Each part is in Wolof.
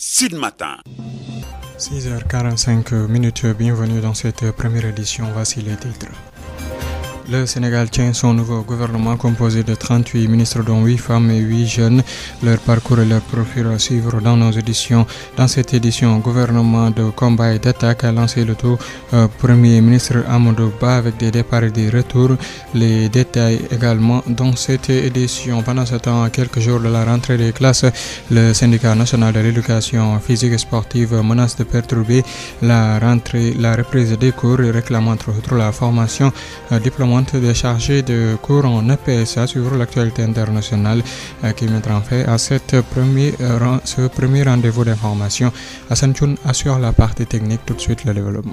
Sud Matin. 6h45 minutes, bienvenue dans cette première édition. Voici les titres. Le Sénégal tient son nouveau gouvernement composé de 38 ministres dont 8 femmes et 8 jeunes. Leur parcours et leur profil à suivre dans nos éditions. Dans cette édition, gouvernement de combat et d'attaque a lancé le tout euh, Premier ministre Amadou Ba avec des départs et des retours. Les détails également dans cette édition. Pendant ce temps, à quelques jours de la rentrée des classes, le syndicat national de l'éducation physique et la rentrée, la reprise des cours et réclamant entre autres monte des chargés de cours en EPSA sur l'actualité internationale euh, qui mettra fin à euh, ce premier rendez-vous d'information. Hassan Choun assure la partie technique tout de suite le développement.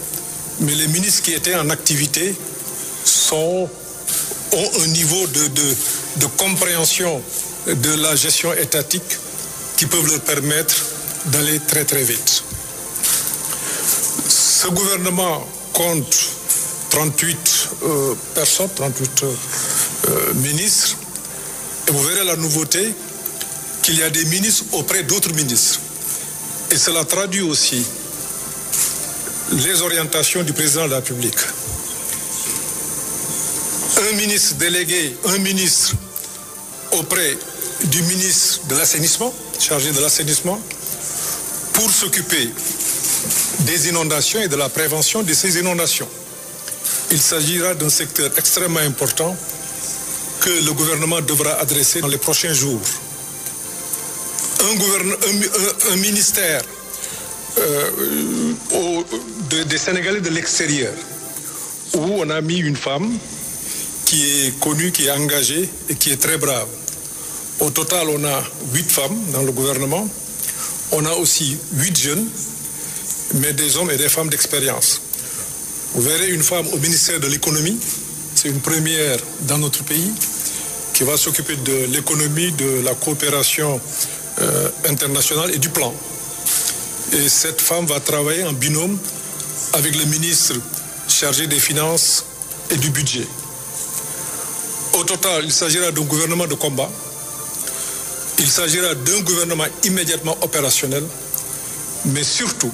mais les ministres qui en activité sont, ont un niveau de, de, de compréhension de la gestion étatique qui peuvent leur permettre d'aller très très vite. Ce gouvernement compte 38 euh, personnes, 38 euh, euh, ministres. Et vous verrez la nouveauté qu'il y a des ministres auprès d'autres ministres. Et cela traduit aussi les orientations du président de la République. Un ministre délégué, un ministre auprès du ministre de l'assainissement, chargé de l'assainissement, pour s'occuper des inondations et de la prévention de ces inondations. Il s'agira d'un secteur extrêmement important que le gouvernement devra adresser dans les prochains jours. Un, gouverne, un, un, un ministère euh, au, de, des Sénégalais de l'extérieur, où on a mis une femme qui est connue, qui engagée et qui est très brave. Au total, on a huit femmes dans le gouvernement. On a aussi huit jeunes, mais des hommes et des femmes d'expérience. Vous verrez une femme au ministère de l'économie, c'est une première dans notre pays, qui va s'occuper de l'économie, de la coopération euh, internationale et du plan. Et cette femme va travailler en binôme avec le ministre chargé des Finances et du Budget. Au total, il s'agira d'un gouvernement de combat. Il s'agira d'un gouvernement immédiatement opérationnel, mais surtout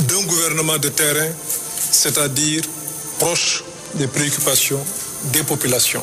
d'un gouvernement de terrain, c'est-à-dire proche des préoccupations des populations.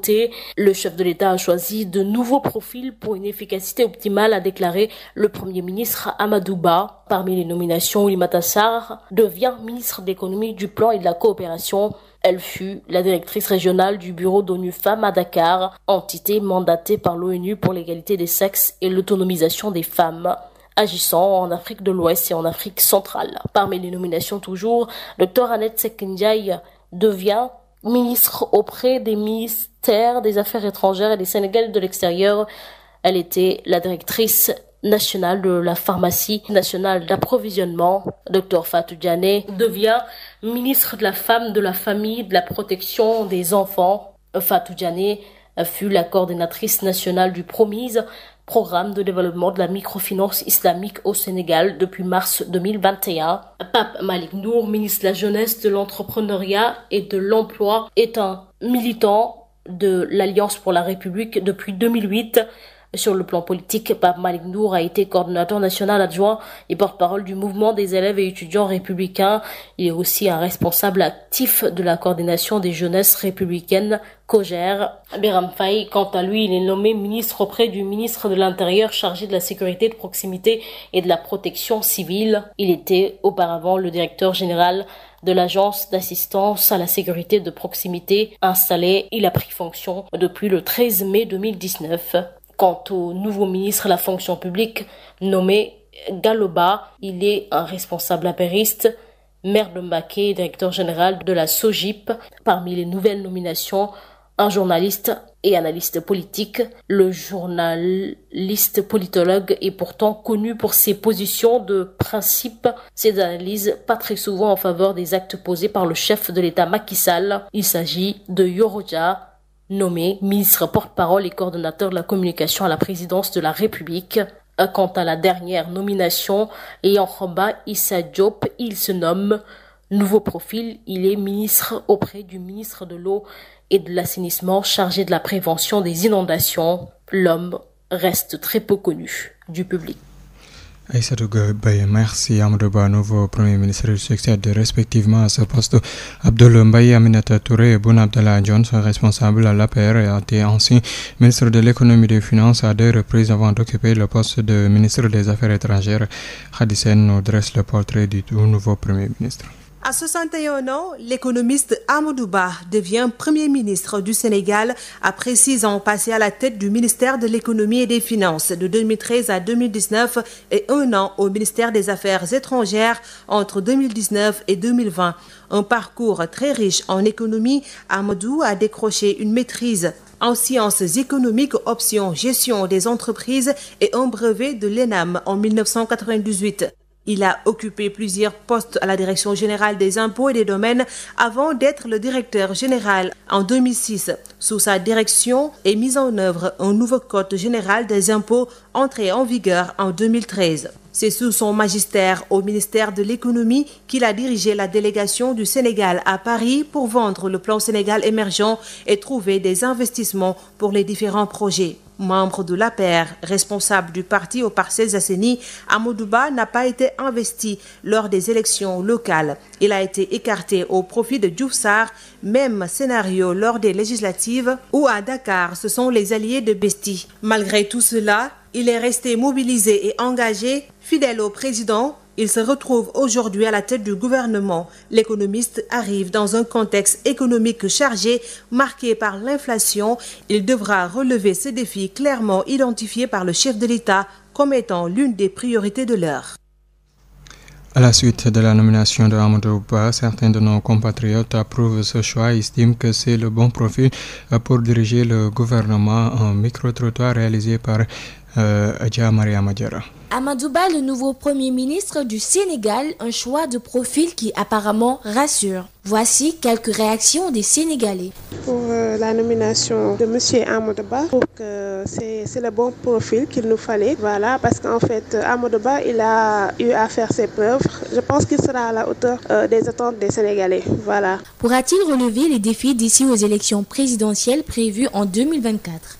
santé. Le chef de l'État a choisi de nouveaux profils pour une efficacité optimale, a déclaré le Premier ministre Amadouba. Parmi les nominations, Oulimata Sarr devient ministre d'économie, du plan et de la coopération. Elle fut la directrice régionale du bureau d'ONU Femmes à Dakar, entité mandatée par l'ONU pour l'égalité des sexes et l'autonomisation des femmes agissant en Afrique de l'Ouest et en Afrique centrale. Parmi les nominations toujours, Dr Annette Sekendiaï ministre auprès des ministères des Affaires étrangères et des Sénégalais de l'extérieur. Elle était la directrice nationale de la pharmacie nationale d'approvisionnement, Dr Fatou Diané, devient ministre de la femme, de la famille, de la protection des enfants. Euh, Fatou Diané fut la coordinatrice nationale du Promise, programme de développement de la microfinance islamique au Sénégal depuis mars Pape Malik Nour, ministre de la Jeunesse, de l'Entrepreneuriat et de l'Emploi, est un militant de l'Alliance pour la République depuis 2008. Sur le plan politique, Pape Malik Nour a été coordinateur national adjoint et porte-parole du mouvement des élèves et étudiants républicains. Il est aussi un responsable actif de la coordination des jeunesses républicaines Cogère. Béram Faye, quant à lui, il est nommé ministre auprès du ministre de l'Intérieur chargé de la sécurité de proximité et de la protection civile. Il était auparavant le directeur général de l'agence d'assistance à la sécurité de proximité installée. Il a pris fonction depuis le 13 mai Quant au nouveau ministre de la fonction publique nommé Galoba, il est un responsable apériste, maire de Mbaké, directeur général de la SOGIP. Parmi les nouvelles nominations, un journaliste et analyste politique. Le journaliste politologue est pourtant connu pour ses positions de principe, ses analyses pas très souvent en faveur des actes posés par le chef de l'État Macky Sall. Il s'agit de Yoroja, nommé ministre porte-parole et coordonnateur de la communication à la présidence de la République. Quant à la dernière nomination, et en combat Issa il se nomme Nouveau profil, il du ministre de l'eau et de l'assainissement chargé de la prévention des inondations. L'homme reste très peu connu du public. Aïssatou Gaye merci Amadou Ba nouveau premier ministre il succède respectivement à ce poste Abdoul Mbaye Aminata Touré et Boun Abdallah Dionne sont responsables à l'APR et étaient ministre de l'économie et des finances à deux reprises avant d'occuper le poste de ministre des affaires étrangères Khady Sène dresse le portrait du nouveau premier ministre À 61 ans, l'économiste Amadou Ba devient Premier ministre du Sénégal après six ans passés à la tête du ministère de l'Économie et des Finances de 2013 à 2019 et un an au ministère des Affaires étrangères entre 2019 et 2020. Un parcours très riche en économie, Amadou a décroché une maîtrise en sciences économiques, option gestion des entreprises et un brevet de l'ENAM en 1998. Il a occupé plusieurs postes à la Direction générale des impôts et des domaines avant d'être le directeur général en 2006. Sous sa direction est mis en œuvre un nouveau code général des impôts entré en vigueur en 2013. C'est sous son magistère au ministère de l'économie qu'il a dirigé la délégation du Sénégal à Paris pour vendre le plan Sénégal émergent et trouver des investissements pour les différents projets. Membre de l'APR, responsable du parti aux Parcelles Assainies, Amadouba n'a pas été investi lors des élections locales. Il a été écarté au profit de Diouf Sarr, même scénario lors des législatives où à Dakar, ce sont les alliés de Besti. Malgré tout cela, il est resté mobilisé et engagé Fidèle au président, il se retrouve aujourd'hui à la tête du gouvernement. L'économiste arrive dans un contexte économique chargé, marqué par l'inflation. Il devra relever ce défi clairement identifié par le chef de l'État comme étant l'une des priorités de l'heure. À la suite de la nomination de la Ba, certains de nos compatriotes approuvent ce choix et estiment que c'est le bon profil pour diriger le gouvernement. Un micro-trottoir réalisé par euh, Amadouba, le nouveau Premier ministre du Sénégal, un choix de profil qui apparemment rassure. Voici quelques réactions Pour euh, la nomination de M. Amadouba, c'est le bon fait, Amadouba, il a eu à faire ses preuves. Je pense qu'il sera à euh, des attentes Voilà. Pourra-t-il relever les défis d'ici aux élections présidentielles prévues en 2024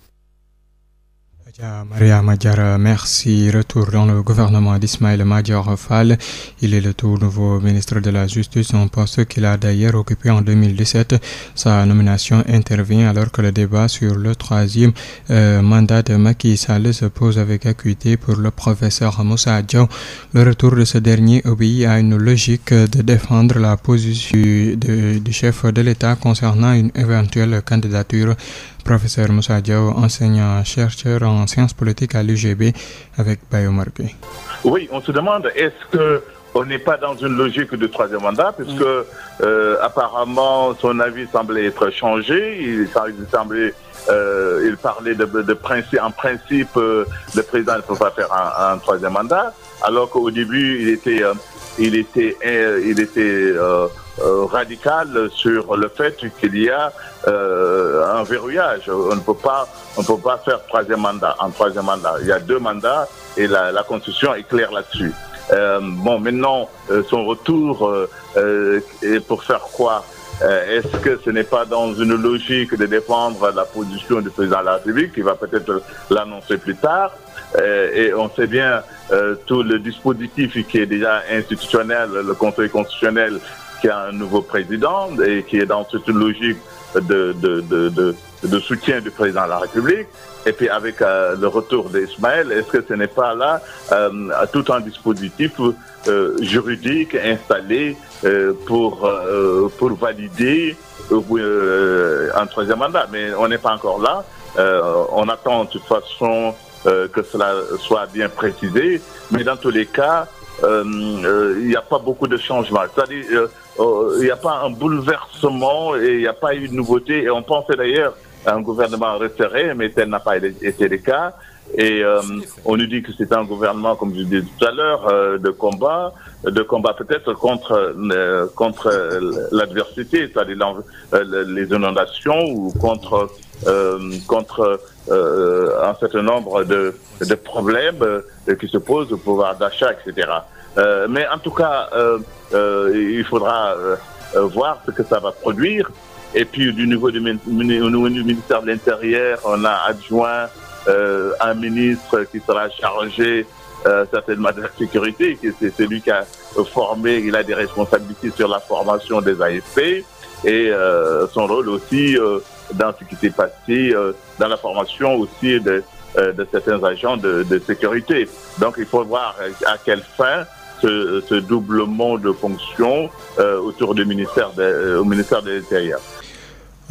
Mariama Diarra, merci. Retour dans le gouvernement d'Ismaïla Madior Fall. Il est le tout nouveau ministre de la Justice, un poste qu'il a d'ailleurs occupé en Sa nomination intervient alors que le débat sur le troisième euh, mandat de Macky Sall se pose avec acuité pour le professeur Moussa Diaw. Le retour de ce dernier obéit à une logique de défendre la position de, du chef de l'État concernant une éventuelle candidature Professeur Moussa Diaw, enseignant-chercheur en sciences politiques à l'UGB avec Bayomar Gueye. Oui, on se demande est-ce que n'est pas dans une logique de troisième mandat, puisque euh, son avis semblait être changé. Il, semblait, euh, de, principe, en principe, euh, le président ne peut pas faire un, troisième mandat, alors qu'au début il était, euh, il était Euh, radicale sur le fait qu'il y a euh, un verrouillage. On ne peut pas, faire troisième mandat. En troisième mandat, il y a deux mandats et la, la Constitution est claire là-dessus. Euh, bon, maintenant, son retour est pour faire quoi euh, Est-ce que ce n'est pas dans une logique de défendre la position du président de la République qui va peut-être l'annoncer plus tard Et on sait bien euh, tout le dispositif qui est déjà institutionnel, le Conseil constitutionnel qui a un nouveau président et qui est dans cette logique de, de, de, de, de soutien du président de la République. Et puis avec euh, le retour d'Ismaël, est-ce que ce n'est pas là euh, tout un dispositif euh, juridique installé euh, pour, euh, pour valider euh, un troisième mandat Mais on n'est pas encore là. on attend de toute façon que cela soit bien précisé. Mais dans tous les cas, il euh, n'y euh, a pas beaucoup de changement C'est-à-dire, il euh, n'y a pas un bouleversement et il n'y a pas une nouveauté. Et on pensait d'ailleurs à un gouvernement resserré, mais tel n'a pas été le cas. Et on nous dit que c'est un gouvernement, comme je disais tout à l'heure, de combat, peut-être contre l'adversité, c'est-à-dire les inondations ou contre Euh, contre euh, un certain nombre de, de problèmes euh, qui se posent au pouvoir d'achat, etc. mais en tout cas, il faudra voir ce que ça va produire. Et puis du niveau ministère de l'Intérieur, on a adjoint euh, un ministre qui sera chargé certainement de la sécurité, qui c'est celui qui a formé, il a des responsabilités sur la formation des AFP. et euh, son rôle aussi euh, dans ce qui s'est passé, euh, dans la formation aussi de, de certains agents de, de, sécurité. Donc il faut voir à quelle fin ce, ce doublement de fonctions autour du ministère de, au ministère de l'Intérieur.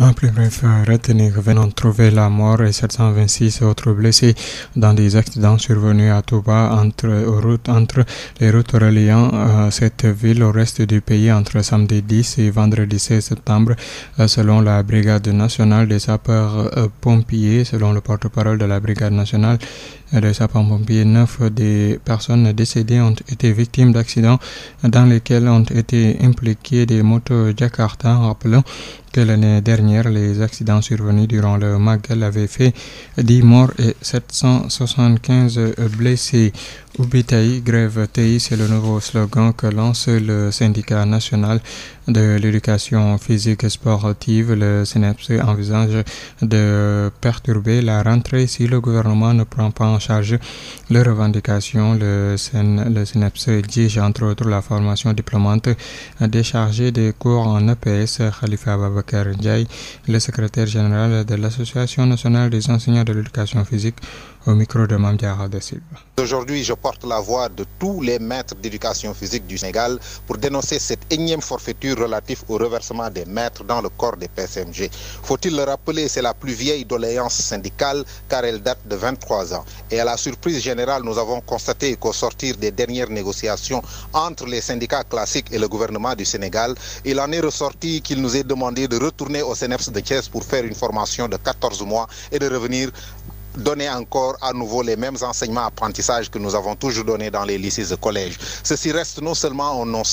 Un plus bref, euh, retenir venant de trouver la mort et 726 autres blessés dans des accidents survenus à Touba entre, route, entre les routes reliant euh, cette ville au reste du pays entre samedi 10 et vendredi 16 septembre, euh, selon la Brigade nationale des sapeurs-pompiers, euh, selon le porte-parole de la Brigade nationale Les sapeurs-pompiers, neuf des personnes décédées ont été victimes d'accidents dans lesquels ont été impliqués des motos Jakarta, rappelant que l'année dernière, les accidents survenus durant le Magal avaient fait 10 morts et blessés. Ubbi grève Tey, c'est le nouveau slogan que lance le syndicat national de l'éducation physique sportive. Le SNEPS envisage de perturber la rentrée si le gouvernement ne prend pas charge leurs revendications. Le, CN, le SNEPS exige entre autres la formation diplômante des chargés des cours en EPS. Khalifa Babakar Ndiaye, le secrétaire général de l'Association nationale des enseignants de l'éducation physique, au micro de Mame Diarra de Silva. Aujourd'hui, je porte la voix de tous les maîtres d'éducation physique du Sénégal pour dénoncer dans le corps des PSMG. Faut-il le rappeler, c'est la plus vieille doléance syndicale car Et à la surprise générale, nous avons constaté qu'au sortir des dernières négociations entre les syndicats classiques et le gouvernement du Sénégal, il en est ressorti qu'il nous est demandé revenir donner encore à nouveau les mêmes enseignements apprentissages que nous avons toujours donnés dans les lycées et collèges. Ceci reste non seulement en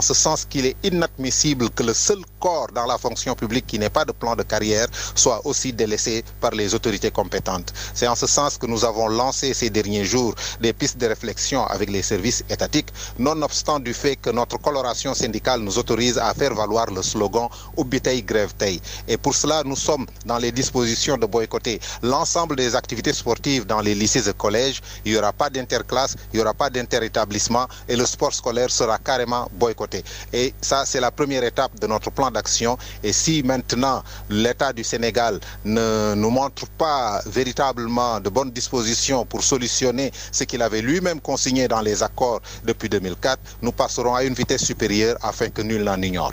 ce sens qu'il est inadmissible que le seul corps dans la fonction publique qui n'ait pas de plan de carrière soit aussi délaissé par les autorités compétentes. C'est en ce sens que nous avons lancé ces derniers jours des pistes de réflexion avec les services étatiques, nonobstant du fait que notre coloration à faire valoir le slogan « Ubitei grève taille ». Et pour cela, nous sommes dans les dispositions de boycotter l'ensemble des activités sportives dans les lycées et collèges, il n'y aura pas d'interclasse, il n'y aura pas d'interétablissement et le sport scolaire sera carrément boycotté. Et ça, c'est la première étape de notre plan d'action. Et si maintenant l'État du Sénégal ne nous montre pas véritablement de bonnes dispositions pour solutionner ce qu'il avait lui-même consigné dans les accords depuis 2004, nous passerons à une vitesse supérieure afin que nul n'en ignore.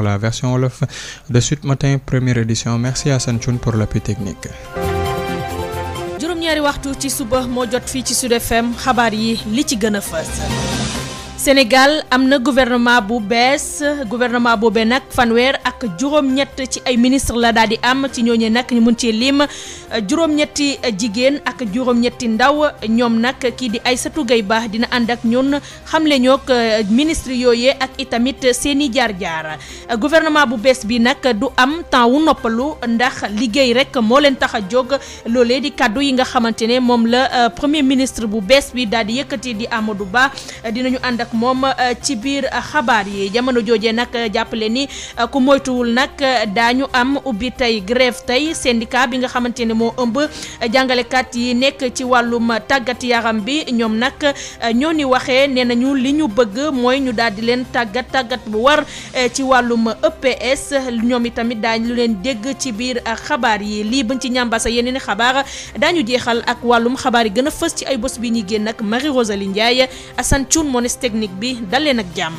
version la version wolof de Sud Matin première édition merci à Sanchoun pour l'appui technique. juróom-ñaari waxtu ci suba moo jot fii ci Sud FM xabaar yi li ci gën a fës. Sénégal am na gouvernement bu bees gouvernement boobee nag fanweer ak juróom-ñett ci ay ministre la daal di am ci ñooñee nag ñu mun cee lim juróom-ñetti jigéen ak juróom-ñetti ndaw ñoom nag kii di ay Aïssatou Gueye Ba dina ànd ak ñun xamle ñook euh, ministre yooyee ak itamit seeni jaar-jaar gouvernement bu bees bi nag du am temps wu noppalu ndax liggéey rek moo leen tax a jóg loolee di kàddu yi nga xamante ne moom la euh, premier ministre bu bees bi daal di yëkkati di Amadou Ba dinañu ànd moom euh, ci biir euh, xabaar yi jamono jooje nag euh, jàppale ni ku moytuwul nag daañu am ubbi tey grève tey syndicat bi nga xamante ne moo ëmb jàngalekat yi nekk ci wàllum tàggat yaram bi ñoom nag ñoo ni waxee nee ñu li ñu bëgg mooy ñu daal di leen tàggat tàggat bu war ci wàllum EPS ñoom itamit daañu lu leen dégg ci biir xabaar yi lii bañ ci ñàmbasa yeneen xabaar daa ñu jeexal ak wàllum xabaar yi gën a fës ci ay bés bi ñu génn ak Marie Rosalie Ndiaye Assane Thioune technique bi daleen ak jàmm.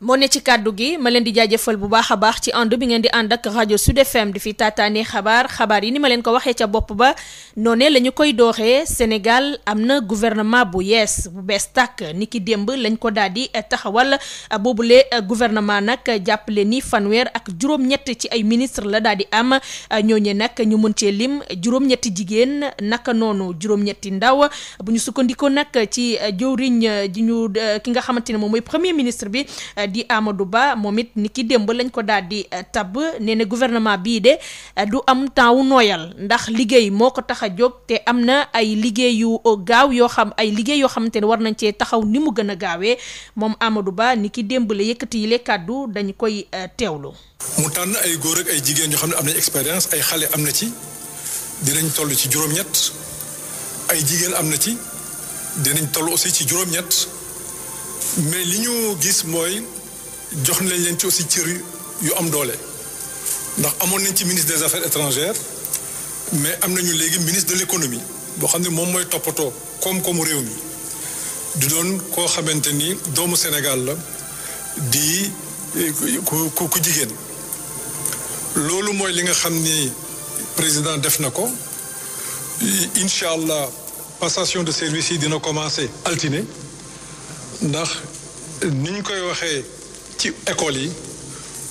moo ne ci kàddu gi ma leen di jaajëfal bu baax a baax ci ànd bi ngeen di ànd ak rajo Sud FM di fi taataane xabaar xabaar yi ni ma leen ko waxee ca bopp ba noonee la ñu koy dooxee Sénégal am na gouvernement bu yees bu bees tàkk ni ki démb lañ ko daal di taxawal boobule gouvernement nag jàppale ni fanweer ak juróom-ñett ci ay ministre la daal di am ñooñe nag ñu mën cee lim juróom-ñetti jigéen naka noonu juróom-ñetti ndaw bu ñu sukkandikoo nag ci jëwriñ ji ñu ki nga xamante ne moom mooy premier ministre bi. di Amadou Ba moom it ni ki démb lañ ko daal di eh, tabb nee na gouvernement bii de eh, du am temps wu nooyal ndax liggéey moo ko tax a jóg te am na ay liggéey eh, gaaw yoo xam ay liggéey yoo xamante ne war nañ cee taxaw ni mu gën a gaawee moom Amadou Ba ni ki démb la yi le kàddu dañu koy teewlu. mu tànn ay góor ak ay jigéen ñoo xam ne am nañ expérience ay xale am na ci dinañ toll ci juróom-ñett ay am na ci dinañ ci juróom-ñett mais li ñu gis mooy. jox nañ leen ci aussi cër yu am doole ndax amoon nañ ci ministre des affaires étrangères mais am nañu léegi ministre de l'économie boo xam ne moom mooy toppatoo koom-koomu réew mi di doon koo xamante ni doomu Sénégal la di eh, ku ku jigéen loolu mooy li nga xam ni président def na ko incha allah passation de service yi dina commencer altine ndax niñ koy waxee ci école yi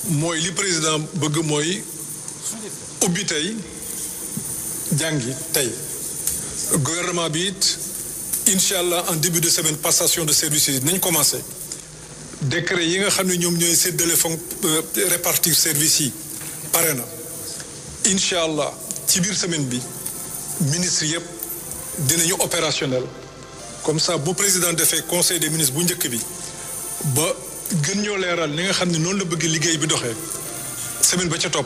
mooy li président bëgg mooy ubbi tey jàngi tey gouvernement bi it incha allah en début de semaine passation de services yi nañ commencé décret yi nga xam ne ñoom ñooy séddale fon euh, répartir services yi pare na incha allah ci biir semaine bi ministre yëpp dinañu opérationnel comme ça bu président defee conseil des ministres bu njëkk bi ba gën ñoo leeral li nga xam ne noonu la bëgg liggéey bi doxee semaine ba ca topp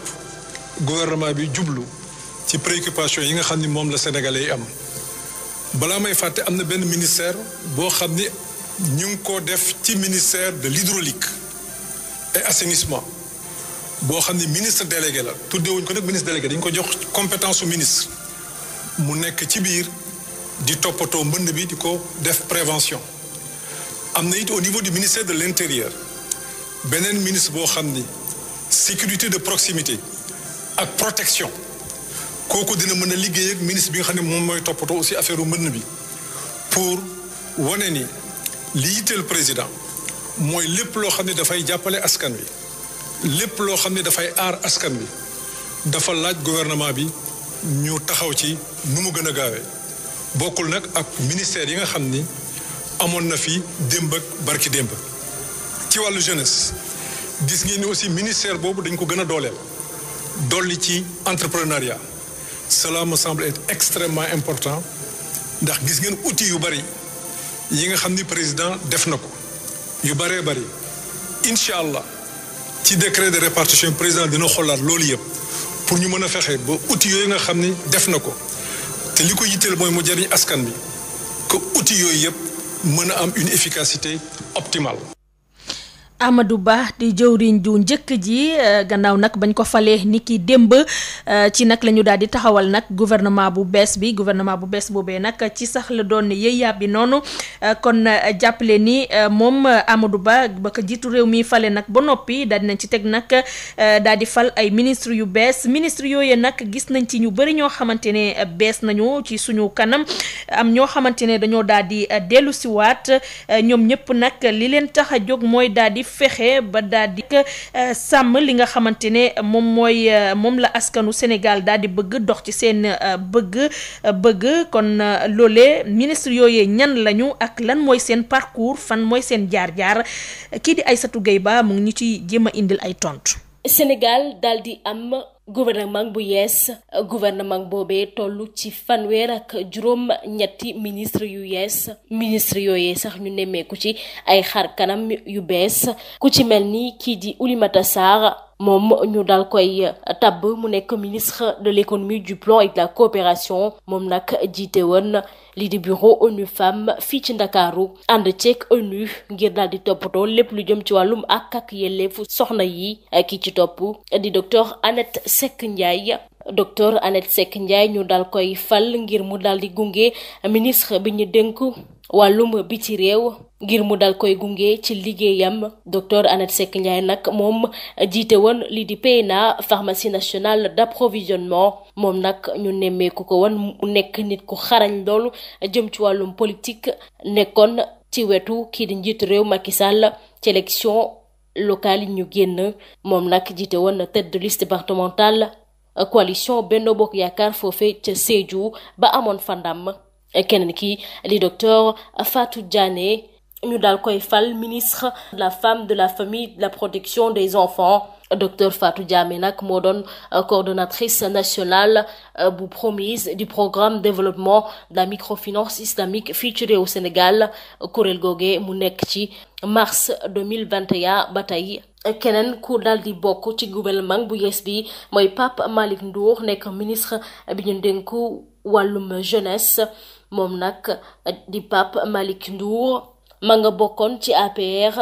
gouvernement bi jublu ci préoccupation yi nga xam ni moom la sénégalais yi am balaa may fàtte am na benn ministère boo xam ni ñu ngi ko def ci ministère de l'hydraulique et assainissement boo xam ni ministre délégué la tuddewuñ ko nag ministre délégué dañ ko jox compétence su ministre mu nekk ci biir di toppatoo mbënn bi di ko def prévention am na it au niveau du ministère de l'intérieur beneen ministre boo xam ni sécurité de proximité ak protection kooku dina mën a liggéey ak ministre bi nga xam ne moom mooy toppatoo aussi affaire u mbënn bi pour wane ni li yitteel président mooy lépp loo xam ne dafay jàppale askan wi lépp loo xam ne dafay aar askan wi dafa laaj gouvernement bi ñu taxaw ci nu mu gën a gaawee bokkul nag ak ministère yi nga xam ni amoon na fi démb ak barki démb ci wàllu jeunesse gis ngeen ni aussi ministère boobu dañ ko gën a dooleel dolli ci entrepreneuriat cela me semble être extrêmement important ndax gis ngeen outils yu bari yi nga xam ni président def na ko yu bëree bëri incha allah ci décret de répartition président dina xoolaat loolu yëpp pour ñu mën a fexe ba outils yooyu nga xam ni def na ko te li ko yitteel mooy mu jariñ askan bi ko outils yooyu yëpp mën a am une efficacité optimale Amadou baax di jëwriñ ju njëkk ji eh, gannaaw nag bañ ko falee ni ki démb eh, ci nag la ñu daal di taxawal nag gouvernement bu bees bi gouvernement bu bees boobee nag ci sax la doon yëyyaa bi noonu eh, kon jàppale ni moom amadu Ba ba ko jiitu réew mi fale nag ba noppi daal nañ ci teg nag daal di fal ay ministre yu bees ministre yooyu nag gis nañ ci ñu bëri ñoo xamante ne bees nañu ci suñu kanam am ñoo xamante ne dañoo daal di dellu siwaat ñoom ñëpp nag li leen tax a jóg mooy daal fexe ba daal di euh, sàmm li nga xamante ne moom mooy euh, moom la askanu Sénégal daal di bëgg dox ci seen euh, bëgg bëgg kon loolee ministre yooyee ñan lañu ak lan mooy seen parcours fan mooy seen jaar-jaar kii di Aïssatou Gueye Ba mu ngi ñu ci jéem a indil ay tontu. Sénégal daal am. gouvernement bu yees gouvernement boobe tollu ci fanweer ak juróom ñetti ministre yu yees ministre yooyee sax ñu nemmeeku ci ay xar kanam yu bees ku ci mel ni kii di Oulimata Sarr moom ñu dal koy euh, tabb mu nekk ministre de l'économie du plan et de la coopération moom nag jiite woon lii di bureau ONU Femmes fii ci Ndakaaru ànd ceeg ONU ngir daal di toppatoo lépp lu jëm ci wàllum ak ak yelleefu soxna yi kii ci topp di docteur Annette Seck Ndiaye docteur Annette Seck Ndiaye ñu dal koy fal ngir mu dal di gunge ministre bi ñu dénk wàllum ci réew ngir mu dal koy gunge ci liggéeyam docteur Annette Seck Ndiaye nag moom jiite woon lii di PNA pharmacie nationale d'approvisionnement moom nag ñu nemmeeku ko woon mu nekk nit ku xarañ loolu jëm ci wàllum politique nekkoon ci wetu kii di njiitu réew Macky Sall ci élection locale yi ñu génn moom nag jiite woon tête de liste départementale Euh, coalition benn Bokk Yaakaar foofe ca Sédhiou ba amoon fa ndam euh, keneen ki li docteur Fatou ñu daal koy fal ministre de la femme de la famille de la protection des enfants docteur Fatou Diamé nag moo doon euh, coordonnatrice nationale bu promise du programme développement de la microfinance islamique fii ci réew Sénégal kuréel googe mu nekk ci mars 2021 ba tey keneen ku daal di bokk ci gouvernement bu yees bi mooy pap Malick Ndour nekk ministre bi ñu dénk wàllum jeunesse moom nag di Pape malik Ndour ma nga bokkoon ci APR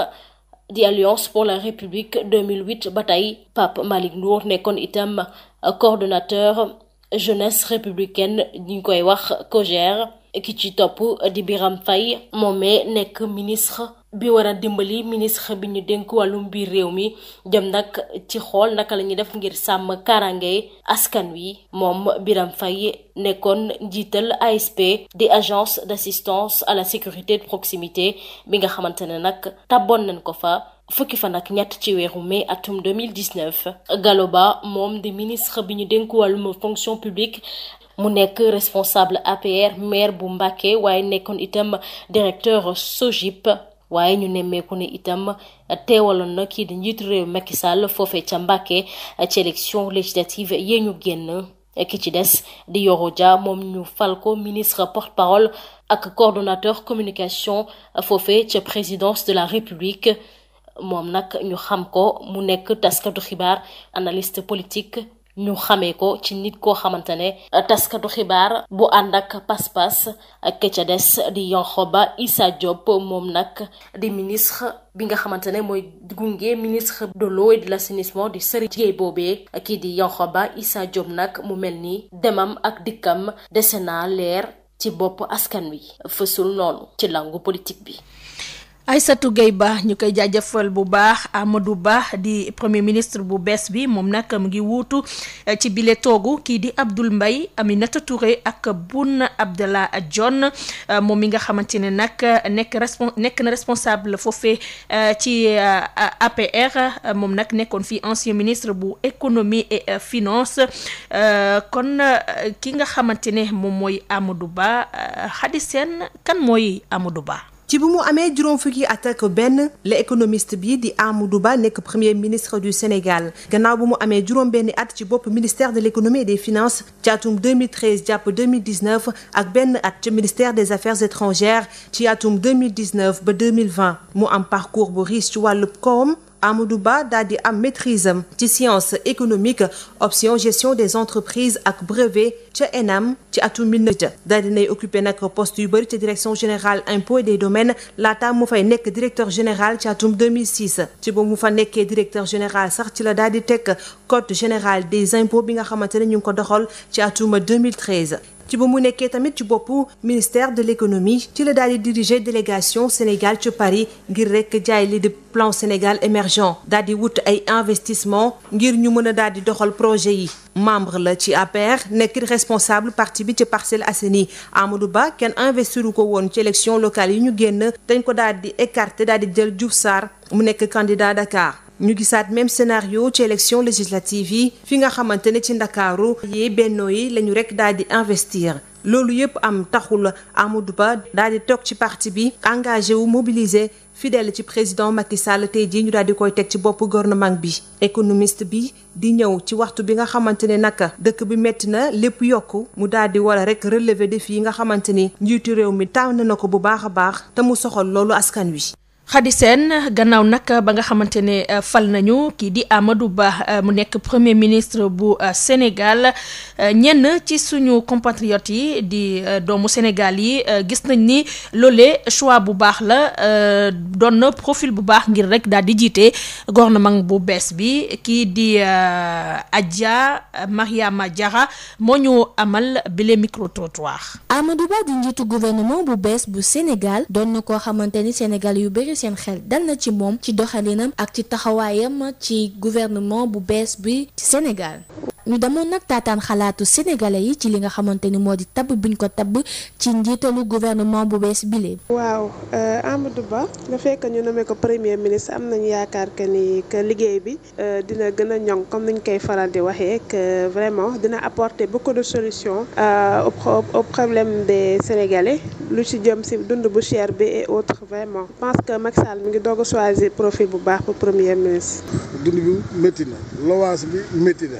di Alliance pour la République 2008 ba tey Pape Malick Ndour nekkoon itam coordonnateur jeunesse républicaine ñu koy wax COJER ki ci topp di Birame Faye moomee nekk ministre bi war a dimbali ministre bi ñu dénk wàllum biir réew mi jëm nag ci xool naka la ñuy def ngir sàmm kaaraange askan wi moom Birame Faye nekkoon njiital ASP di agence d'assistance à la sécurité de proximité bi nga xamante ne nag tabboon nañ ko fa fukki fa ak ñett ci weeru mai atum 2019 Gallo Ba moom di ministre bi ñu dénk wàllum fonction publique mu nekk responsable APR maire bu Mbacké waaye nekkoon itam directeur SOGIP waaye ñu nemmeeku ne itam teewaloon na kii di njiitu réew Macky Sall foofee ca Mbacké ci élection législative yee ñu génn ki ci des di Yoro Dia moom ñu fal ko ministre porte-parole ak coordonnateur communication foofe ca présidence de la république moom nag ñu xam ko mu nekk du xibaar analyste politique ñu xamee ko ci nit koo xamante ne taskatu xibaar bu ànd ak pas-pas ak ca des di Yankhoba Issa Diop moom nag di ministre bi nga xamante ne mooy gunge ministre de l'eau et la l'assainissement di sëriñ jigéey boobee kii di Yankhoba Issa Diop nag mu mel ni demam ak dikkam dese naa leer ci bopp askan wi fësul noonu ci langu politique bi ay Aïssatou Gueye Ba ñu koy jaajëfal bu baax Amadou Ba di premier ministre bu bees bi moom nag mu ngi wuutu eh, ci bile toogu kii di Abdoul Mbaye Aminata Touré ak Boun Abdallah Dionne eh, moom mi nga xamante ne nag nekk nekk na responsable foofee eh, ci APR moom nag nekkoon fii ancien ministre bu économie et finance kon ki nga xamante ne moom mooy Amadou Ba Khady Sène kan mooy Amadou Ba. ci bi mu amee juróom fukki at ak benn la économiste bi di Amadou Ba nekk premier ministre du Sénégal gannaaw bu mu amee juróom benni at ci bopp ministère de l' économie et des finances ci atum 2013 jàpp 2019 ak benn at ci ministère des affaires étrangères ci atum 2019 ba 2020 mu am parcours bu riche ci wàllu koom. du Ba daal di am maîtrise ci science économique option gestion des entreprises ak brevet ca ENAM ci atum 19 daal dinay occupé nag post yu bari ca direction générale impôt et des domaines laata mu fay nekk directeur général ci atum 2006 ci ba mu fa nekkee directeur général sax ci la daal di teg code général des impôts bi nga xamante ne ñu ngi ko doxal ci atum 2013 ci ba mu nekkee tamit ci boppu ministère de l'économie ci la daal di diriger délégation Sénégal ci Paris ngir rek jaay li di plan Sénégal émergent daal di wut ay investissement ngir ñu mën a daal di doxal projet yi membre la ci APR nekk responsable parti bi ci parcelle Assainies Amadou Ba kenn investiru ko woon ci élection locale yi ñu génn dañ ko daal di écarter daal di jël Diouf saar mu nekk candidat Dakar ñu gisaat même scénario ci élection législative yi fi nga xamante ne ci ndakaaru yee bennoo yi lañu rek daal di investir loolu yëpp am taxul Amadou Ba daal di toog ci parti bi engagé wu mobilisé fidèle ci président Macky Sall tey jii ñu daal di koy teg ci bopp gouvernement bi. économiste bi di ñëw ci waxtu bi nga xamante ne naka dëkk bi métti na lépp yokk mu daal di war a rek relever défi yi nga xamante ni njiitu réew mi tànn na ko bu baax a baax te mu soxal loolu askan wi. Khady Sène gannaaw nag ba nga xamante ne euh, fal nañu kii di Amadou baax euh, mu nekk premier ministre bu euh, Sénégal ñenn ci suñu compatriotes yi di doomu Sénégal yi gis nañ ni loolee choix bu baax la doon na profil bu baax ngir rek daal di jiite gouvernement bu bees bi kii di Adja Mariama Diarra moo ñu amal bile micro trottoir. Amadou Ba di njiitu bu bees bu Sénégal doon na koo xamante ni Sénégal yu bëri. seen xel dal na ci moom ci doxalinam ak ci taxawaayam ci gouvernement bu bees bi ci Sénégal ñu demoon nag taataan xalaatu sénégalais yi ci li nga xamante ni moo di tabb buñ ko tabb ci njiitalu gouvernement bu bees bile. waaw euh, Amadou Ba le fait que ñu nommé ko premier ministre am nañu yaakaar que ni que liggéey bi euh, dina gën a ñoŋ comme niñ koy faral di waxee que vraiment dina apporter beaucoup de solutions euh, au problème des sénégalais lu ci jëm si dund bu cher bi et autres vraiment je pense que Macky Sall mi ngi doog a choisir profil bu baax pour premier ministre. dund bi métti na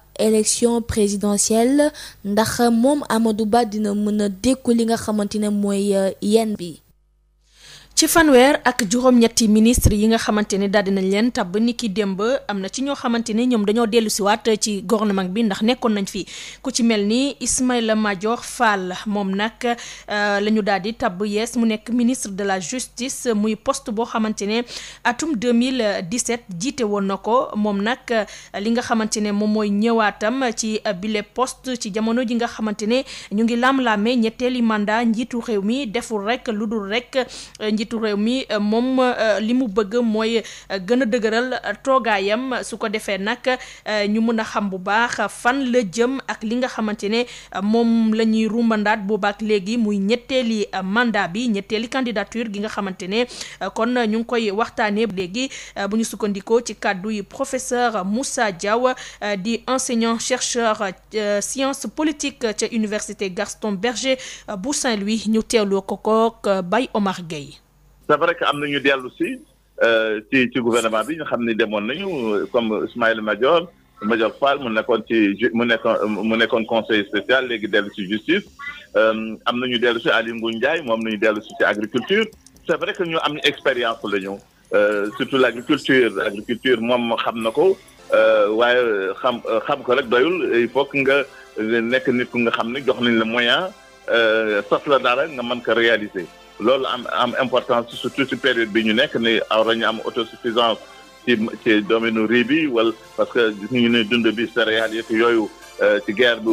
élection présidentielle ndax moom Amadou Ba dina mën a dékku li nga xamante ne mooy euh, yenn bi. ci fanweer ak juróom-ñetti ministre yi nga xamante ne daal dinañ leen tabb ni ki démb am na ci ñoo xamante ne ñoom dañoo dellu siwaat ci gouvernement bi ndax nekkoon nañ fii ku ci mel ni Ismaïla Madior Fall moom nag euh, la ñu daal di tabb yees mu nekk ministre de la justice muy post boo xamante ne atum 2017 jiite woon na ko moom nag li nga xamante ne moom mooy ñëwaatam ci bile post ci jamono ji nga xamante ne ñu ngi lam-laamee ñetteeli mandat njiitu réew mi deful rek lu dul rek euh, njiitu réew mi euh, moom euh, li mu bëgg mooy euh, gën a dëgëral toogaayam su ko defee nag ñu mën a xam bu baax fan la jëm ak li nga xamante ne moom la ñuy rumbandaat boobaak léegi muy ñetteeli mandat bi ñetteeli candidature gi nga xamante ne kon ñu ngi koy waxtaanee léegi bu ñu sukkandikoo ci kàddu yi professeur Moussa Diaw di enseignant chercheur science politique ca université Gaston Berger bu Saint-Louis ñu teewloo ko kook Baye Omar Gueye c'est vrai que am na ñu dellu si euh, ci ci gouvernement bi ñu xam ni demoon nañu comme Ismaïla Madior Madior Fall mu nekkoon ci mu nekkoon mu nekkoon conseil spécial léegi dellu si justice euh, am na ñu dellu si Aly Ngouille Ndiaye moom nañu dellu si ci agriculture c'est vrai que ñu am expérience la ñu euh, surtout l'agriculture agriculture moom xam na ko waaye xam xam ko rek doyul il faut que nga nekk nit ku nga xam ne jox nañ la moyen sas la dara nga mën ko réaliser loolu am am importance surtout ci période bi ñu nekk ni aw ñu am autosuffisance ci ci domaine riz bi wala parce que gis ñu ne dund bi céréales yëpp yooyu euh, ci guerre bu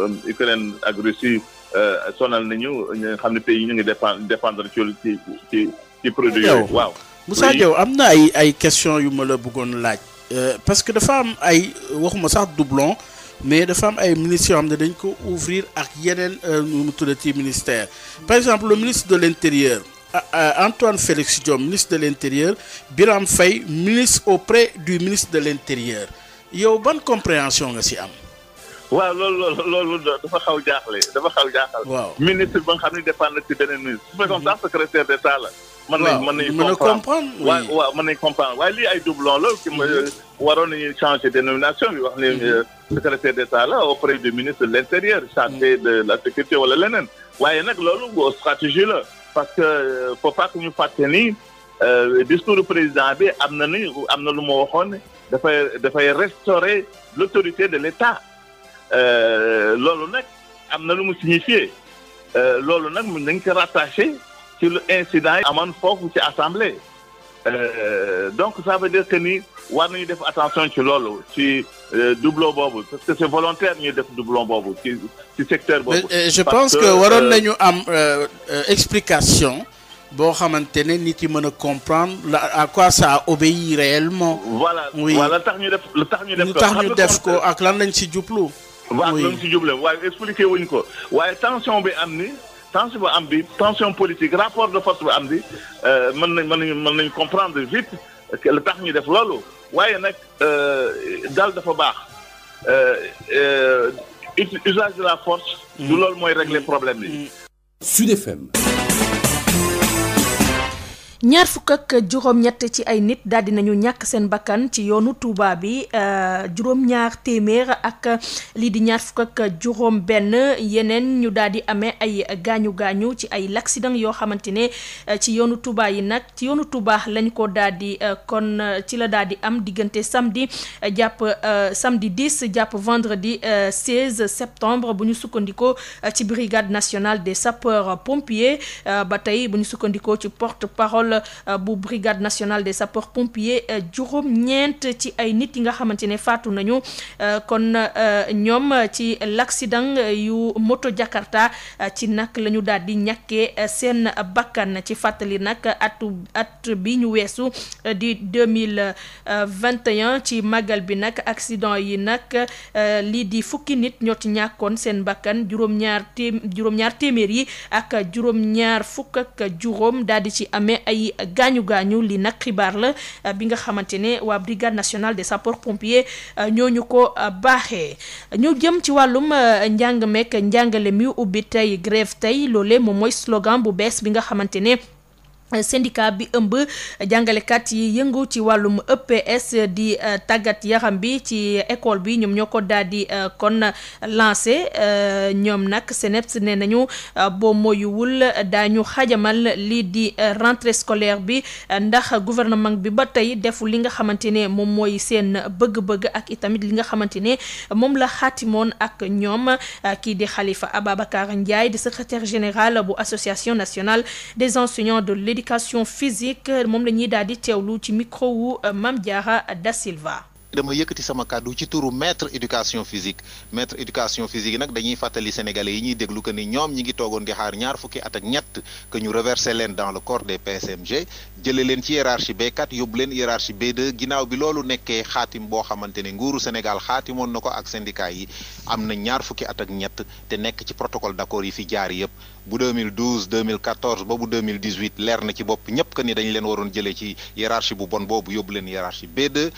euh, Ukraine ak Russie euh, sonal nañu ñu xam ne pays ñu ngi dépendre dépendre ci ci ci ci produit yooyu waaw Moussa Diaw am na ay ay question yu ma la bëggoon laaj parce que dafa am ay waxuma sax doublon mais dafa am ay ministres yoo dañ ko ouvrir ak yeneen euh, nu mu tudda ci ministère par exemple le ministre de l'intérieur Antoine Félix Diome ministre de l'intérieur Birame Faye ministre auprès du ministre de l'intérieur yow ban compréhension nga ci am. waaw loolu loolu loolu dafa xaw jaaxle dafa xaw jaaxal. waaw ministre ba nga xam ne dépend na ci beneen ministre. bu fekkoon sax secrétaire d'État la. man nañ mën nañu comprendre comprendre waaw waaw mën nañ comprendre waaye lii ay doublon la ki ma mm-hmm. waroon nañu changer dénomination bi wax ni mm-hmm. euh, secrétaire d'État la auprès du ministre de l'intérieur chargé mm-hmm. de la sécurité wala leneen waaye nag loolu stratégie la parce que euh, faut pas que ñu fàtte ni euh, discours du président bi am na ni am na lu ma waxoon dafay dafay restaurer l'autorité de l'État loolu nag am na lu mu signifié loolu nag mun nañ ko rattaché ci lu incident yi amoon foofu ci assemblée euh, donc ça veut que ni war nañu def attention ci loolu ci euh, doublon boobu parce que c'est volontaire ñuy def doublon boobu ci ci secteur boobu. Euh, je pense que waroon nañu am explication. boo xamante ne nit yi mën a comprendre la à quoi ça obéit réellement. voilà voilà tax ñu def lu tax ñu def. lu tax ñu def ko ak lan lañ ci jublu. oui waaw lan ci jublu waaye expliqué wuñ ko am ni. tension bu am bi tension politique rapport de force bu am bi euh, mën nañ mën nañu mën nañu comprendre vite la tax ñu def loolu waaye nag euh, dal dafa baax euh, usage de la force. du mm. loolu mooy régler mm. problème bi. Mm. Sud FM. ñaar fukk ak ci ay nit daal di nañu ñàkk seen bakkan ci yoonu Touba bi euh, juróom-ñaar téeméer ak lii di ñaar fukk ak juróom-benn yeneen ñu daal di amee ay gaañu gaañu ci ay l'accident yoo xamante ne euh, ci yoonu Touba yi nag ci yoonu Touba lañ ko daal di euh, kon ci la daal di am diggante samedi jàpp samedi 10 jàpp vendredi 16 septembre bu ñu sukkandikoo ci brigade nationale des sapeurs pompiers ba tey bu ñu sukkandikoo ci porte parole. école euh, bu brigade nationale des sapeurs pompiers euh, juróom ñeent ci ay nit yi nga xamante ne faatu nañu euh, kon ñoom ci l'accident yu moto Jakarta ci nag la ñu daal di ñàkkee seen bakkan ci fàttali nag at bi ñu weesu di deux mille vingt ci màggal bi nag accident yi nag lii di fukki nit ñoo ci ñàkkoon seen bakkan juróom-ñaar téeméer yi ak juróom-ñaar fukk ak juróom daal ci amee ay ay gaañu gaañu li nag xibaar la euh, bi nga xamante ne waa brigade nationale des sapeurs euh, ñoo ñu ko euh, baaxee ñu jëm ci wàllum njàng meek njàngale mi ubbi tey grève tey loolee moom mooy slogan bu bees bi nga xamante ne. syndicat bi ëmb jàngalekat yi yëngu ci wàllum EPS di euh, tàggat yaram bi ci école bi ñoom ñoo ko daal di euh, kon lancé euh, ñoom nag CNEPS nee nañu boo moyuwul daañu xajamal lii di rentrée scolaire bi ndax gouvernement bi ba tey defu li nga xamante ne moom mooy seen bëgg-bëgg ak itamit li nga xamante ne moom la xaatimoon ak ñoom kii di xalifa Ababacar Ndiaye di secretaire général bu association nationale des enseignants de éducation physique moom la ñuy daal di teewlu ci micro wu euh, Mame Diarra Da Silva dama yëkkati sama kàddu ci turu maître éducation physique maître éducation physique nag dañuy fàttali sénégalais yi ñuy déglu que ni ñoom ñi ngi toogoon di xaar ñaar fukki at ak ñett que ñu reversé leen dans le corps des PSMG jëlee leen ci hiérarchie B4 yóbbu leen hiérarchie b ginnaaw bi loolu nekkee xaatim boo xamante ne nguuru Sénégal xaatimoon na ko ak syndicat yi am na ñaar fukki at ak ñett te nekk ci protocole d'accord yi fi jaar yëpp bu 2012 2014 ba bu 2018 leer na ci bopp ñëpp que ni dañ leen waroon jëlee ci hiérarchie bu leen hiérarchie B2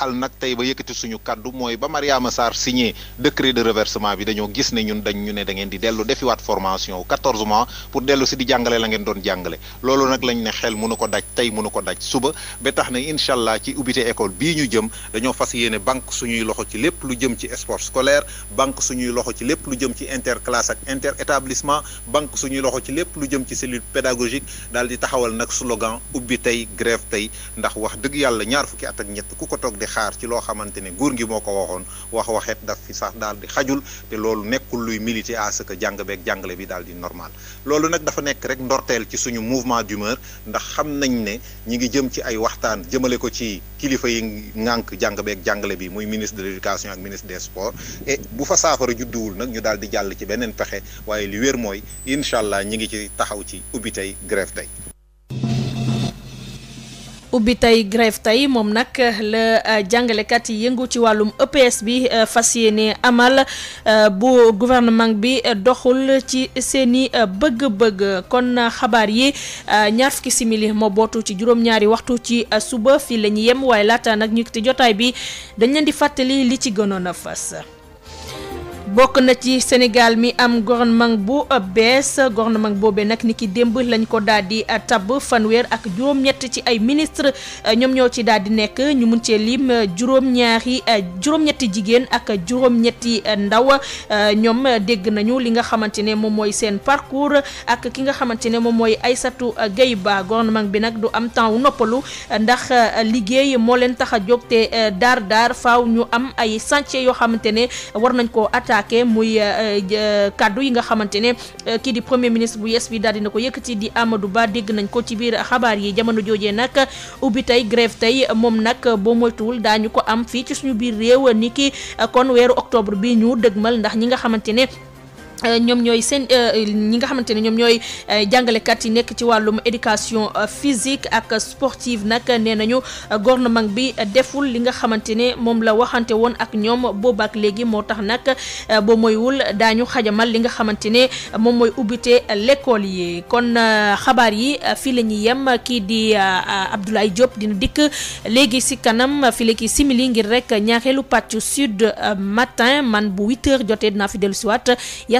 al nag tey ba yëkkati suñu kàddu mooy ba Mariama Sarr signé décret de reversement bi dañoo gis ne ñun dañu ñu ne da ngeen di dellu waat formation 14 mois pour dellu si di jàngale la ngeen doon jàngale loolu nag lañ ne xel mënu ko daj tey mënu ko daj suba ba tax na incha allah ci ubbite école bii ñu jëm dañoo fas yéene banque suñuy loxo ci lépp lu jëm ci sport scolaire banque suñuy loxo ci lépp lu jëm ci interclasse ak inter établissement banque suñuy loxo ci lépp lu jëm ci cellule pédagogique daal di taxawal nag slogan ubbi tey grève tey ndax wax dëgg yàlla ñaar fukki at ak ku ko toog de xaar ci loo xamante ne guur gi moo ko waxoon wax waxet daf fi sax daal di xajul te loolu nekkul luy militer à ce que jàng beeg jàngale bi daal di normal loolu nag dafa nekk rek ndorteel ci suñu mouvement d'humeur ndax xam nañ ne ñi ngi jëm ci ay waxtaan jëmale ko ci kilifa yi ŋànk jàng beeg jàngale bi muy ministre de l'éducation ak ministre des sports et bu fa saafara judduwul nag ñu daal di jàll ci beneen pexe waaye li wér mooy incha allah ñi ngi ci taxaw ci ubbi tey grève tey ubbi tey grève tey moom nag la euh, jàngalekat yi yëngu ci wàllum EPS bi euh, fas yéene amal euh, bu gouvernement bi doxul ci seeni bëgg-bëgg kon xabaar yi ñaar fukki simili moo bootu ci juróom-ñaari waxtu ci suba fii lañu ñu yem waaye laata nag ñu ti jotaay bi dañ leen di fàttali li ci gënoon a fas bokk na ci Sénégal mi am gouvernement bu bees gouvernement boobee nag ni ki démb lañ ko daal di tabb fanweer ak juróom-ñett ci ay ministre ñoom ñoo ci daal di nekk ñu mun cee lim juróom-ñaari juróom-ñetti jigéen ak juróom-ñetti ndaw ñoom dégg nañu li nga xamante ne moom mooy seen parcours ak ki nga xamante ne moom mooy Aïssatou Gueye Ba gouvernement bi nag du am temps wu noppalu ndax liggéey moo leen tax a jóg te eh, daar daar faw ñu am ay chantier yoo xamante ne nañ koo attaqué muy euh, euh, kaddu yi nga xamante ne euh, kii di premier ministre bu yees bi daal dina ko yëkkati di amadu Ba dégg nañ ko ci biir xabaar yi jamono joojee nag ubbi tey grève tey moom nag boo moytuwul daañu ko am fii ci suñu biir réew ni ki kon weeru octobre bi ñu dëgmal ndax ñi nga xamante ne Euh, ñoom ñooy seen euh, ñi nga xamante ne ñoom ñooy euh, jàngalekat yi nekk ci wàllum éducation physique ak sportive nag nee nañu gouvernement bi deful li nga xamante ne moom la waxante woon ak ñoom boobaak léegi moo tax nag boo mooywul daañu xajamal li nga xamante ne moom mooy ubbite l'école yi kon xabaar yi fii la ñuy yem kii di Abdoulaye Diop dina dikk léegi si kanam fii la ki simili ngir rek ñaareelu pàccu sud matin man bu 8 heures jotee dinaa fi dellu siwaat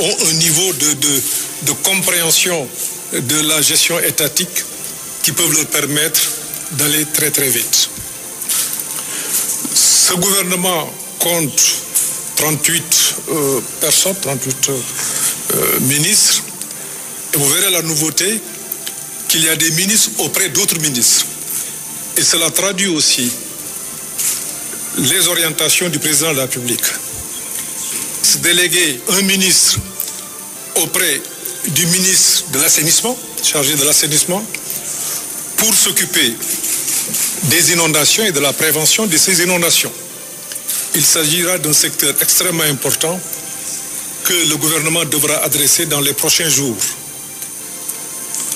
ont un niveau de, de, de compréhension de la gestion étatique qui peuvent leur permettre d'aller très très vite. Ce gouvernement compte 38 euh, personnes, 38 euh, euh, ministres, et vous verrez la nouveauté qu'il y a des ministres auprès d'autres ministres. Et cela traduit aussi les orientations du président la République. Se déléguer auprès du ministre de l'assainissement, chargé de l'assainissement, pour s'occuper des inondations et de la prévention de ces inondations. Il s'agira d'un secteur extrêmement important que le gouvernement devra adresser dans les prochains jours.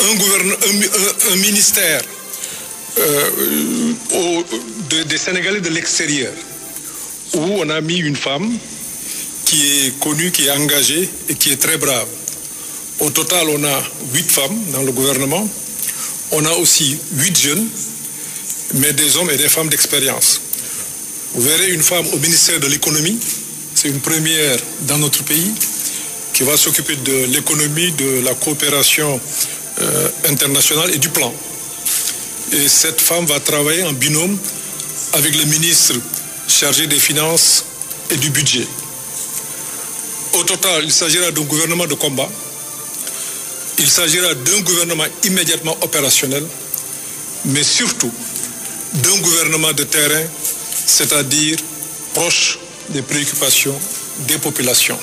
Un, un, un ministère euh, au, de, des Sénégalais de l'extérieur, où on a mis une femme qui est connue, qui est engagée et qui est très brave. Au total, on a huit femmes dans le gouvernement. On a aussi huit jeunes, mais des hommes et des femmes d'expérience. Vous verrez une femme au ministère de l'économie, c'est une première dans notre pays, qui va s'occuper de l'économie, de la coopération euh, internationale et du plan. Et cette femme va travailler en binôme avec les ministre chargé des Finances et du Budget. Au total, il s'agira d'un gouvernement de combat. Il s'agira d'un gouvernement immédiatement opérationnel, mais surtout d'un gouvernement de terrain, c'est-à-dire proche des préoccupations des populations.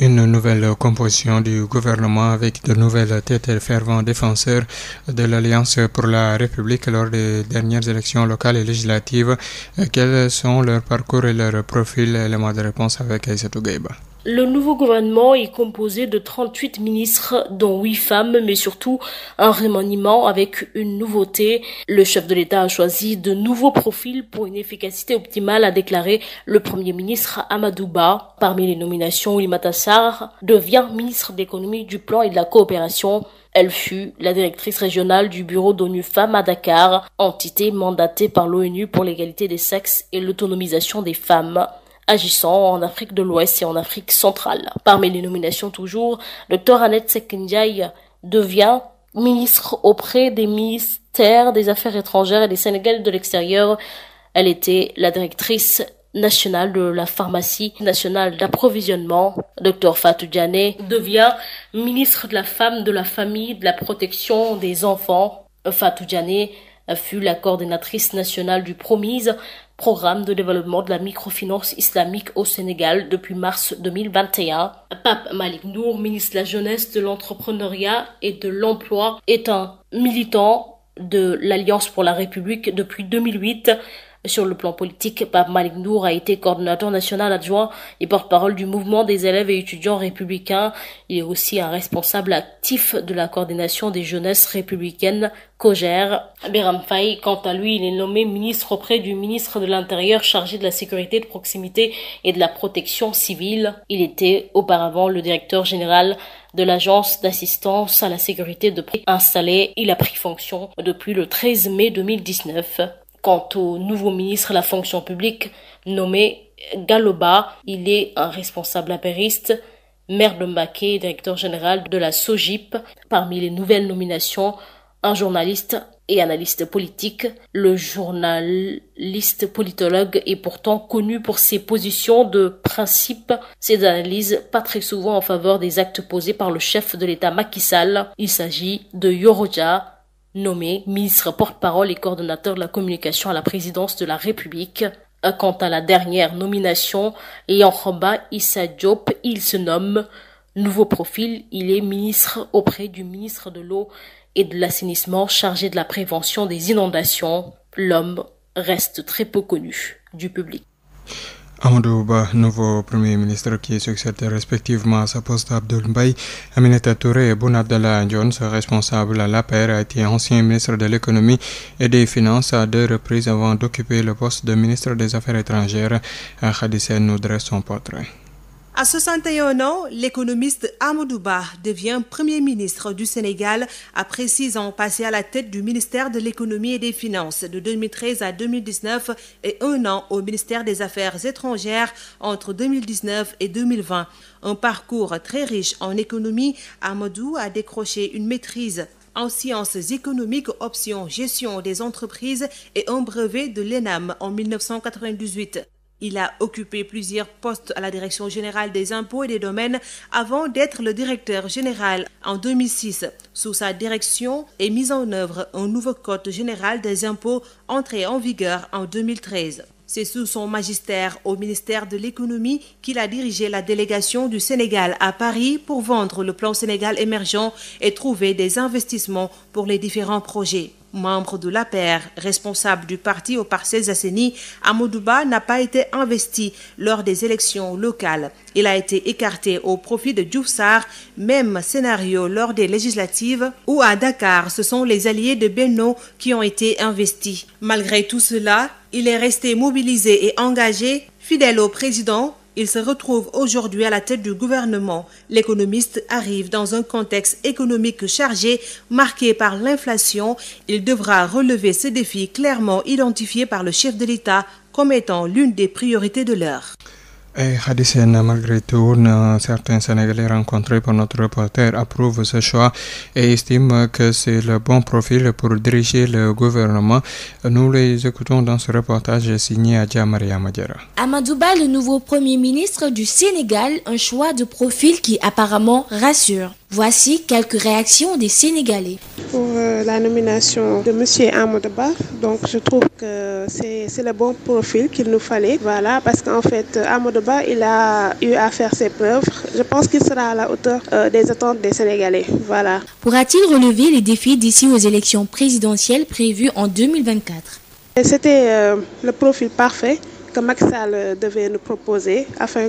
Une nouvelle composition du gouvernement avec de nouvelles têtes fervents défenseurs de l'Alliance pour la République lors des dernières élections locales et législatives. Euh, quels sont leurs parcours et leurs profils? Éléments de réponse avec Aïssatou Gaïba. Le nouveau gouvernement est composé de 38 ministres, dont 8 femmes, mais surtout un remaniement avec une nouveauté. Le chef de l'État a choisi de nouveaux profils pour une efficacité optimale, a déclaré le Premier ministre Amadouba. Parmi les nominations, Oulimata Sarr devient ministre d'économie, du plan de la coopération. Elle fut la directrice régionale du bureau d'ONU Femmes à Dakar, entité mandatée par l'ONU pour l'égalité des sexes et l'autonomisation des femmes. agissant en Afrique de l'Ouest et en Afrique centrale. Parmi les nominations toujours, Dr Annette Sekindiaï devient ministre auprès des ministères des Affaires étrangères et des Sénégalais de l'extérieur. Elle était la directrice nationale de la pharmacie nationale d'approvisionnement, Dr Fatou Diané, devient ministre de la femme, de la famille, de la protection des enfants. Fatou Diané fut la coordinatrice nationale du Promise, programme de développement de la microfinance islamique au Sénégal depuis mars 2021. Pape Malik Nour, ministre de la Jeunesse, de l'Entrepreneuriat et de l'Emploi, est un militant de l'Alliance pour la République depuis 2008. Sur le plan politique, Pape Malik Nour a été coordinateur national adjoint et porte-parole la coordination des jeunesses républicaines Cogère. Béram Faye, quant à lui, il est nommé ministre auprès du ministre de l'Intérieur sécurité de et de protection civile. Il était auparavant le directeur général de l'agence d'assistance à la sécurité de prix installée. Il a pris fonction depuis le 13 mai 2019. Quant au nouveau ministre de la fonction publique nommé Galoba, il est un responsable apériste, maire de Mbaké, directeur général de la SOGIP. Parmi les nouvelles nominations, un journaliste et analyste politique. Le journaliste politologue est pourtant connu pour ses positions de principe, ses analyses pas très souvent en faveur des actes posés par le chef de l'État Macky Il s'agit de Yoroja nommé ministre porte-parole et coordonnateur de la communication à la présidence de la République. Euh, quant à la dernière nomination, Yankoba Issa Diop, il se nomme nouveau profil, il est ministre auprès du ministre de l'eau et de l'assainissement chargé de la prévention des inondations. L'homme reste très peu connu du public. Amadou Ba nouveau premier ministre qui succède respectivement à sa poste à Abdoul Mbaye Aminata Touré et Boun Abdallah Dionne responsable à l'APR a été ancien ministre de l'économie et des finances à deux reprises avant d'occuper le poste de ministre des affaires étrangères Khady Sène nous dresse son portrait À 61 ans, l'économiste Amadou Ba devient Premier ministre du Sénégal après six ans passés à la tête ministère de l'Économie et des Finances de 2013 à 2019 et un an au ministère des Affaires étrangères entre 2019 et 2020. Un parcours très riche en économie, Amadou a décroché une maîtrise en sciences économiques, option gestion des entreprises et un brevet de l'ENAM en 1998. Il a occupé plusieurs postes à la Direction générale des impôts et des domaines avant d'être le directeur général en 2006. Sous sa direction est mis en œuvre un nouveau code général des impôts entré en vigueur en 2013. C'est sous son magistère au ministère de l'Économie qu'il a dirigé la délégation du Sénégal à Paris pour vendre le plan Sénégal émergent et trouver des investissements pour les différents projets. membre de l'APR, responsable du parti aux Parcelles Assainies, Amadouba n'a pas été investi lors des élections locales. Il a été écarté au profit de Diouf Sarr, même scénario lors des législatives où à Dakar, ce sont les alliés de Benno qui ont été investis. Malgré tout cela, il est resté mobilisé et engagé, fidèle au président Il se retrouve aujourd'hui à la tête du gouvernement. L'économiste arrive dans un contexte économique chargé, marqué par l'inflation. Il devra relever ces défis clairement identifiés par le chef de l'État comme étant l'une des priorités de l'heure. Et Hadisen, malgré tout, certains Sénégalais rencontrés par notre reporter approuvent ce choix et estiment que c'est le bon profil pour diriger le gouvernement. Nous les écoutons dans ce reportage signé à Maria Madjara. Amadouba, le nouveau Premier ministre du Sénégal, un choix de profil qui apparemment rassure. Voici quelques réactions des Sénégalais. Pour euh, la nomination de Monsieur donc je trouve que c'est le bon profil qu'il nous fallait. Voilà, fait, Amadouba, il a eu à faire ses preuves. Je pense qu'il sera à la hauteur euh, des attentes des Sénégalais. Voilà. Pourra-t-il relever les défis d'ici aux élections euh, le profil parfait que Max Sall euh, devait nous proposer afin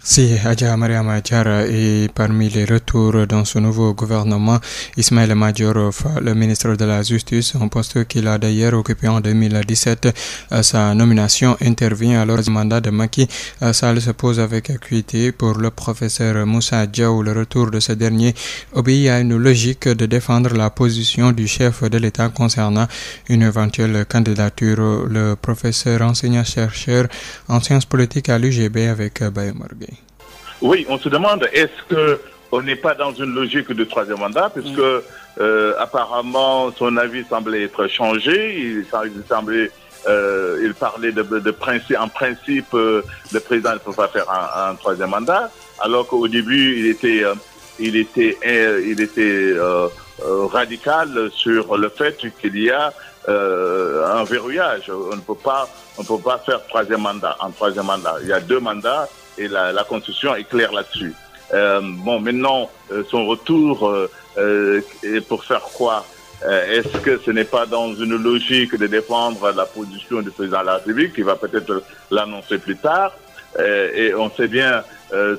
Merci Adja Mariama Diarra et parmi les retours dans ce nouveau gouvernement, Ismaïla Madior le ministre de la Justice, un poste qu'il a d'ailleurs occupé en 2017. Euh, sa nomination intervient alors du mandat de Macky sal euh, se pose avec acuité pour le professeur Moussa Diaw. Le retour de ce dernier obéit à une logique de défendre la position du chef de l'État concernant une éventuelle candidature. Le professeur enseignant-chercheur en sciences politiques à l'UGB avec Oui, on se demande, est-ce que on n'est pas dans une logique de troisième mandat, puisque mm. euh, son avis semblait être changé. Il, il semblait, euh, il parlait de, de, principe, en principe, euh, le président ne peut pas faire un, un troisième mandat, alors qu'au début il était, euh, euh, radical sur le fait qu'il y a un verrouillage. On ne peut pas, faire troisième mandat. Il y a deux mandats et la, la Constitution est claire là-dessus. Euh, bon, maintenant, euh, son retour euh, euh pour faire quoi euh, Est-ce que ce n'est pas dans une logique de défendre la position du président de la République qui va peut-être l'annoncer plus tard euh, Et on sait bien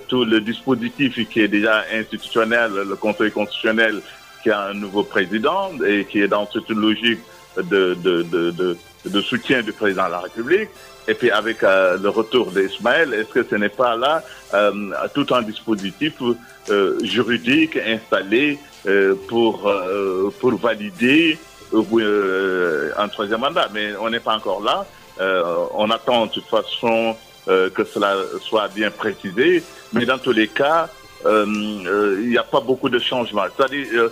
tout le dispositif qui est déjà institutionnel, le Conseil constitutionnel qui a un nouveau président et qui est dans cette logique de soutien du président de la République. et puis avec euh, le retour d'Ismaël, est-ce que ce n'est pas là euh, tout un dispositif euh, juridique installé euh, pour, euh, pour valider euh, un troisième mandat Mais on n'est pas encore là. on attend de toute façon que cela soit bien précisé. Mais dans tous les cas, il n'y a pas beaucoup de changements. C'est-à-dire,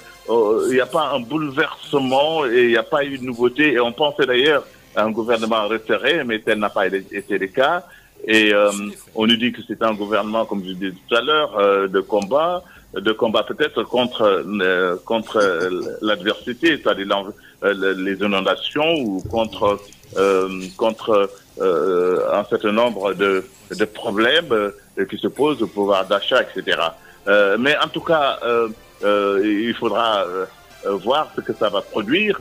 il n'y a pas un bouleversement et il n'y a pas eu de nouveauté. Et on pensait d'ailleurs un gouvernement resserré, mais tel n'a pas été le cas. Et euh, on nous dit que c'est un gouvernement, comme je disais tout à l'heure, euh, de combat, de combat peut-être contre euh, contre euh, l'adversité, c'est-à-dire euh, les inondations ou contre euh, contre un certain nombre de, de problèmes qui se posent au pouvoir d'achat, etc. mais en tout cas, il faudra voir ce que ça va produire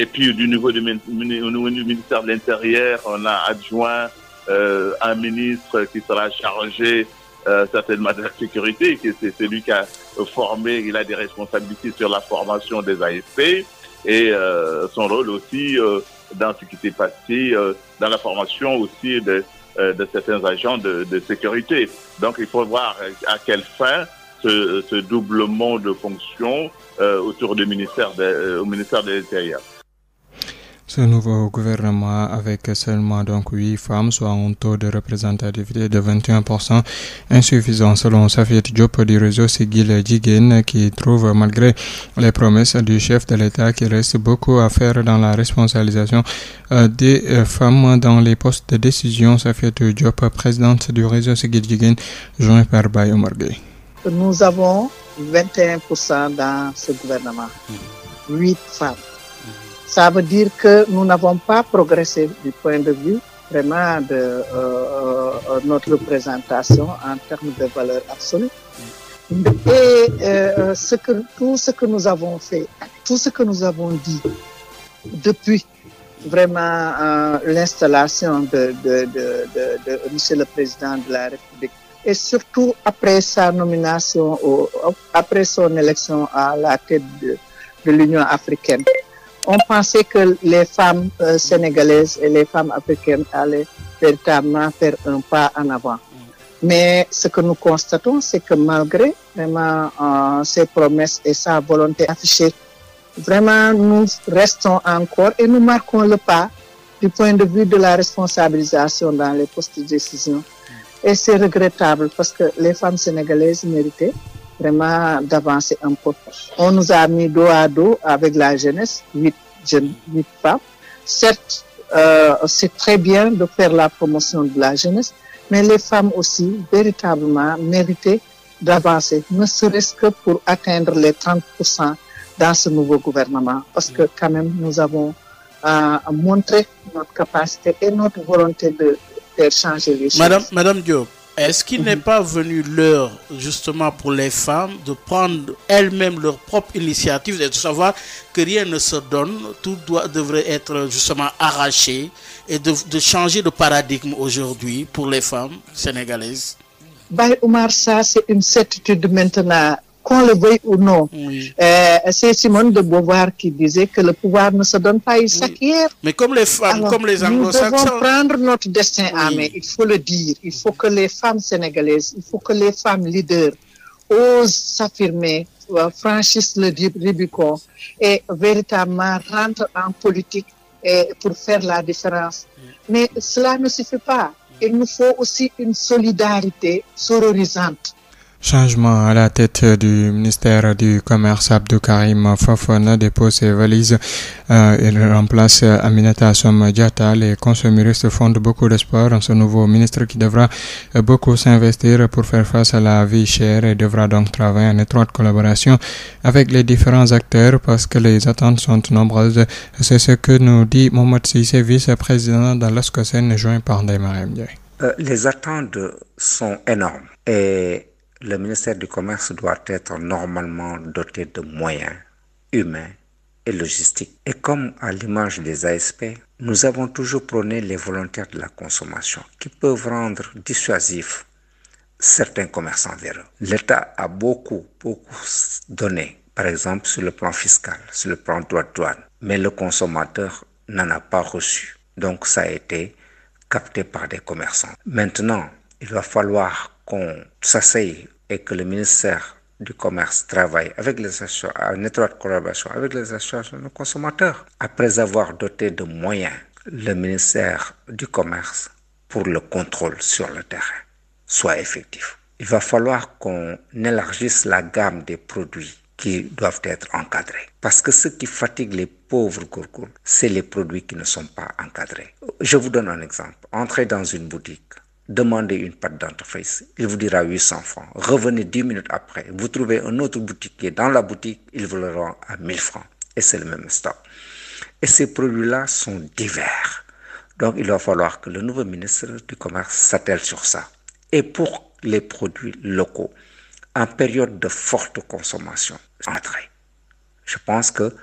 Et puis du niveau ministère de l'Intérieur, on a adjoint euh, un ministre qui sera chargé euh, certainement de la sécurité, qui c'est celui qui a formé, il a des responsabilités sur la formation des AFP et euh, son rôle aussi euh, dans ce qui s'est passé, dans la formation de, certains agents de, sécurité. Donc il faut voir à quelle fin ce, ce doublement de fonctions autour ministère de, ministère de l'Intérieur. Ce nouveau gouvernement, avec seulement donc huit femmes, soit un taux de représentativité de 21%, insuffisant selon Safiet Diop du réseau Sigil Jigen, qui trouve, malgré les promesses du chef de l'État, qu'il reste beaucoup à faire dans la responsabilisation euh, des euh, femmes dans les postes de décision. Safiet Diop, présidente du réseau Sigil Jigen, joint par Bayo Marguerite. Nous avons dans ce gouvernement, mmh. Ça veut dire que nous n'avons pas progressé du point de vue vraiment de euh, euh, euh notre représentation en termes de valeur absolue. Et euh, ce que, tout ce que nous avons fait, depuis vraiment euh, l'installation de, de, de, de, Monsieur le Président de la République et surtout après sa nomination, après son élection à la tête de l'Union africaine. on pensait que les femmes euh, sénégalaises et les femmes africaines allaient véritablement faire un pas en avant. Mais ce que nous constatons, c'est que malgré vraiment ses euh, promesses et sa volonté affichée, vraiment nous restons encore et nous marquons le pas du point de vue de la responsabilisation dans les postes de décision. Et c'est regrettable parce que les femmes sénégalaises méritaient vraiment d'avancer un peu. On nous a mis dos à dos avec la jeunesse, huit jeunes, huit femmes. Certes, euh, c'est très bien de faire la promotion de la jeunesse, mais les femmes aussi véritablement méritaient d'avancer, ne serait que pour atteindre les 30% dans ce nouveau gouvernement, parce que quand même nous avons euh, montré notre capacité et notre volonté de faire changer les choses. Est-ce qu'il n'est pas venu l'heure, justement, pour les femmes de prendre elles-mêmes leur propre initiative et de savoir que rien ne se donne, tout doit, devrait être justement arraché et de, de changer de paradigme aujourd'hui pour les femmes sénégalaises Bah Omar, ça c'est une certitude maintenant. qu'on le veuille ou non. Oui. Euh, c'est Simone de Beauvoir qui disait que le pouvoir ne se donne pas, il s'acquiert. Mais Nous devons prendre notre destin à main, il faut que les femmes sénégalaises, osent s'affirmer, euh, franchissent le Rubicon et véritablement rentrent en politique et pour faire la différence. Mais cela ne suffit pas. Il nous faut aussi une solidarité sororisante Changement à la tête du ministère du Commerce, Abdou Karim Fofana dépose ses valises. il euh, remplace Aminata Assome Diatta. Les consuméristes fondent beaucoup d'espoir en ce nouveau ministre qui devra beaucoup s'investir pour faire face à la vie chère et devra donc travailler en étroite collaboration avec les différents acteurs parce que les attentes sont nombreuses. C'est ce que nous dit Mohamed Sissé, vice-président d'Alaskosen, joint par Ndeye Marième Ndiaye. Euh, le ministère du Commerce doit être normalement doté de moyens humains et logistiques. Et comme à l'image des ASP, nous avons toujours prôné les volontaires de la consommation qui peuvent rendre dissuasifs certains commerçants véreux. L'État a beaucoup, donné, par exemple sur le plan fiscal, sur le plan droit de douane, mais le consommateur n'en a pas reçu. Donc ça a été capté par des commerçants. Maintenant, il va falloir qu'on s'asseye et que le ministère du commerce travaille avec les associations, en étroite collaboration de consommateurs. Après avoir doté de moyens le ministère du commerce pour le contrôle sur le terrain soit effectif. Il va falloir qu'on élargisse la gamme des produits qui doivent être encadrés. Parce que ce qui fatigue les pauvres gourgoules, c'est les produits qui ne sont pas encadrés. Je vous donne un exemple. Entrez dans une boutique, demandez une part d'entreprise, il vous dira 800 francs. Revenez 10 minutes après, vous trouvez un autre boutiquier dans la boutique, il vous le rend à francs. Et c'est le même stock. Et ces produits-là sont divers. Donc il va falloir que le nouveau ministre du Commerce s'attelle sur ça. Et pour les produits locaux, en période de forte consommation, entrée. Je pense que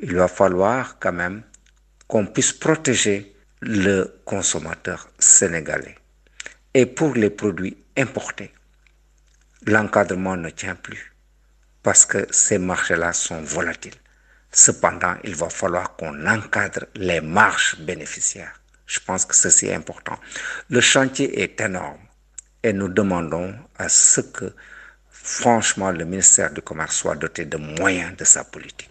il va falloir qu'on puisse protéger le consommateur sénégalais. pour les produits importés, l'encadrement ne tient plus parce que ces marchés-là sont volatiles. Cependant, il va falloir qu'on encadre les marges bénéficiaires. Je pense que ceci est important. Le chantier est énorme et nous demandons à ce que, franchement, le ministère du Commerce soit doté de moyens de sa politique.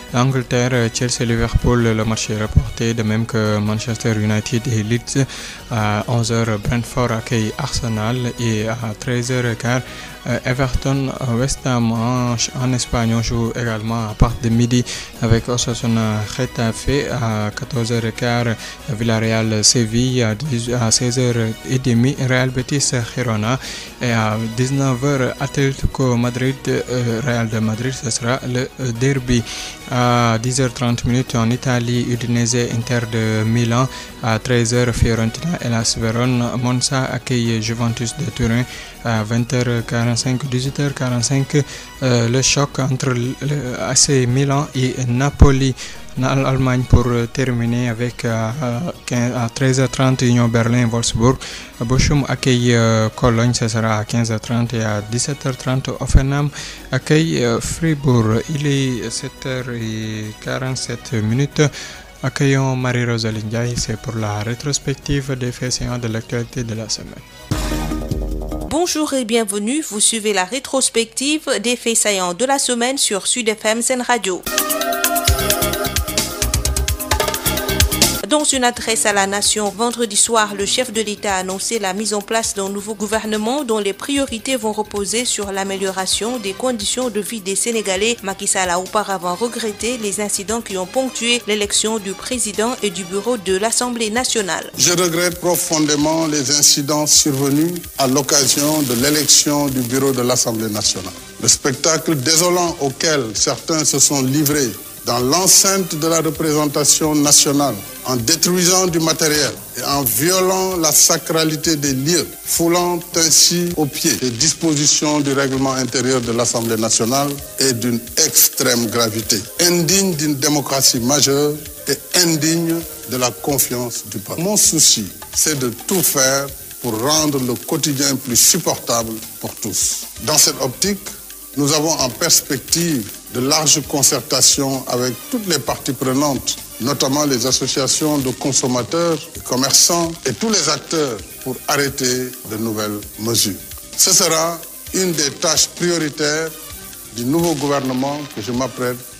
Angleterre, Chelsea, Liverpool, le match est reporté, de même que Manchester United et Leeds. À 11h, Brentford accueille Arsenal et à 13 h Euh, Everton, West Ham en, en, Espagne. On joue également à partir de midi avec Osasuna Getafe à 14h15, Villarreal Séville à, 16h30, Real Betis Girona et à 19h Madrid euh, Real de Madrid. Ce sera le euh, derby à 10 h minutes en Italie, Udinese Inter de Milan à 13h Fiorentina et Las Verona. Monza accueille Juventus de Turin à 20h45, 18h45, euh, le choc entre le AC Milan et Napoli en Allemagne pour euh, terminer avec euh, à, à 13h30 Union Berlin-Wolfsburg. Bochum accueille euh, Cologne, ce à 15h30 et à 17h30 Offenham accueille Fribourg. Il est 7h47 minutes. Accueillons Marie-Rosaline Ndiaye, c'est pour la rétrospective des faits de l'actualité de la semaine. Bonjour et bienvenue, vous suivez la rétrospective des faits saillants de la semaine sur Sud FM Zen Radio. donc une adresse à la nation vendredi soir, le chef de l'État a annoncé la mise en place d'un nouveau gouvernement dont les priorités vont reposer sur l'amélioration des conditions de vie des Sénégalais. Macky Sall a auparavant regretté les incidents qui ont ponctué l'élection du président et du bureau de l'Assemblée nationale. Je regrette profondément les incidents survenus à l'occasion de l'élection du bureau de l'Assemblée nationale. Le spectacle désolant auquel certains dans l'enceinte de la représentation nationale, en détruisant du matériel et en violant la sacralité des lieux, foulant ainsi aux pieds les dispositions du règlement intérieur de l'Assemblée nationale et d'une extrême gravité, indigne d'une démocratie majeure et indigne de la confiance du peuple. Mon souci, de tout faire pour rendre le quotidien plus supportable pour tous. Dans cette optique, Nous avons en perspective de larges concertations avec toutes les parties prenantes, notamment les associations de consommateurs, les commerçants et tous les acteurs pour arrêter de nouvelles mesures. Ce sera une des tâches prioritaires du nouveau gouvernement que je m'apprête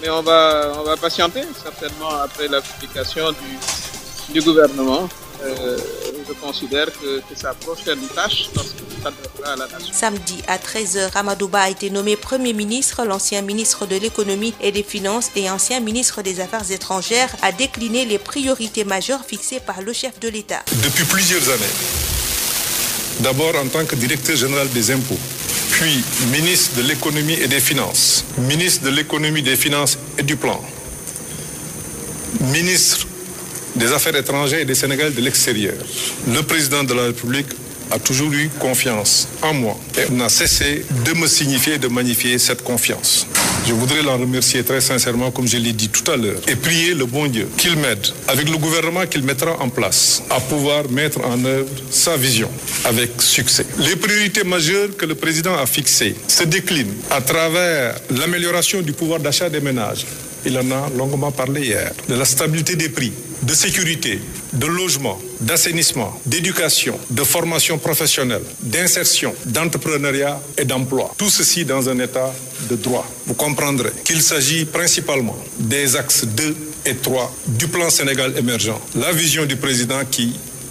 mais on va on va patienter certainement après la publication du du gouvernement. Euh, je considère que c'est sa prochaine tâche lorsqu'il s'adressera à la nation. Samedi à 13h, Amadou a été nommé Premier ministre. L'ancien ministre de l'Économie et des Finances et ancien ministre des Affaires étrangères a décliné les priorités majeures fixées par le chef de l'État. Depuis plusieurs années D'abord en tant que directeur général des impôts, puis ministre de l'économie et des finances, ministre de l'économie, des finances et du plan, ministre des Affaires étrangères et des Sénégal de l'extérieur, le président de la République a toujours eu confiance en moi et n'a cessé de me signifier, de magnifier cette confiance. Je voudrais l'en remercier très sincèrement, comme je l'ai dit tout à l'heure, et prier le bon Dieu qu'il m'aide, avec le gouvernement qu'il mettra en place, à pouvoir mettre en œuvre sa vision avec succès. Les priorités majeures que le président a fixées se déclinent à travers l'amélioration du pouvoir d'achat des ménages, il en a longuement parlé hier, de la stabilité des prix, de sécurité, de logement, d'assainissement, d'éducation, de formation professionnelle, d'insertion, d'entrepreneuriat et d'emploi. Tout ceci dans un état de droit. Vous comprendrez qu'il s'agit principalement des axes 2 et 3 du plan Sénégal émergent. La vision du président qui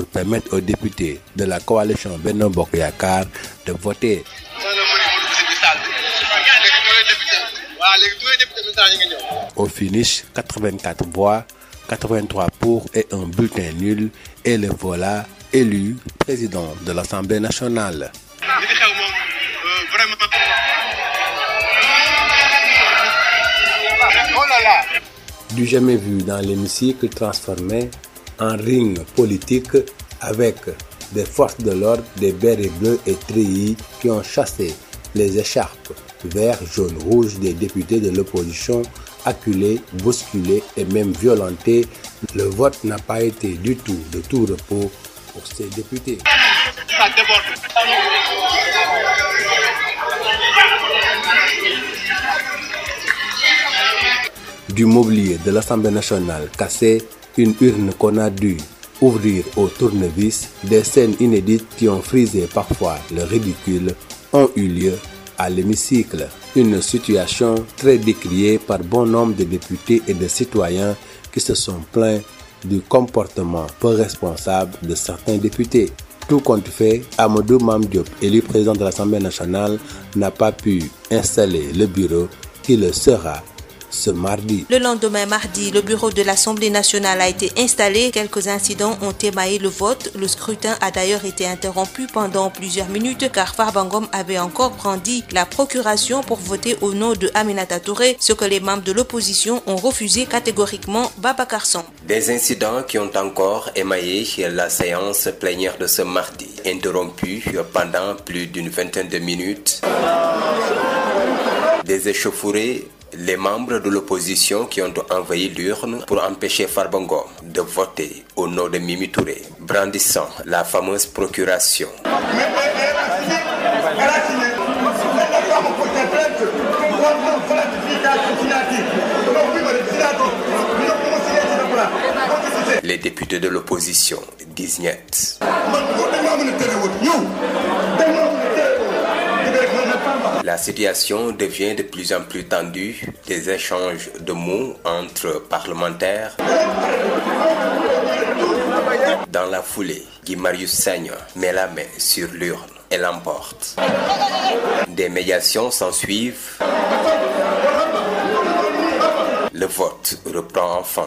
pour permettre aux de la coalition Benno Bokk Yaakaar de voter. Au finish, 84 voix, 83 pour et le voilà élu président de l'Assemblée nationale. Oh du jamais vu dans en ring politique avec des forces de l'ordre des Bérets Bleus et Treillis qui ont chassé les écharpes vert, jaune, rouge des députés de l'opposition acculés, bousculés et même violentés. Le vote n'a pas été du tout de tout repos pour ces députés. Du mobilier de l'Assemblée nationale cassé, une urne qu'on a dû ouvrir au tournevis, des scènes inédites qui ont frisé parfois le ridicule ont eu lieu à l'hémicycle. Une situation très décriée par bon nombre de députés et de citoyens qui se sont plaints du comportement peu responsable de certains députés. Tout compte fait, Amadou Mamdiop, élu président de l'Assemblée nationale, n'a pas pu installer le bureau qui le sera ce mardi. Le lendemain mardi, le bureau de l'Assemblée nationale a été installé. Quelques incidents ont émaillé le vote. Le scrutin a d'ailleurs été interrompu pendant plusieurs minutes car Farbangom avait encore brandi la procuration pour voter au nom de Aminata Touré, ce que les membres de l'opposition ont refusé catégoriquement Babacarson. Des incidents qui ont encore émaillé la séance plénière de ce mardi, interrompue pendant plus d'une vingtaine de minutes. les membres de l'opposition qui ont envahi l'urne pour empêcher Farba Ngom de voter au nom de Mimi Touré, brandissant la fameuse procuration. Les députés de l'opposition disent niet. la situation devient de plus en plus tendue. Des échanges de mots entre parlementaires. Dans la foulée, Guy Marius Sagna met la main sur l'urne et l'emporte. Des médiations s'en Le vote reprend enfin.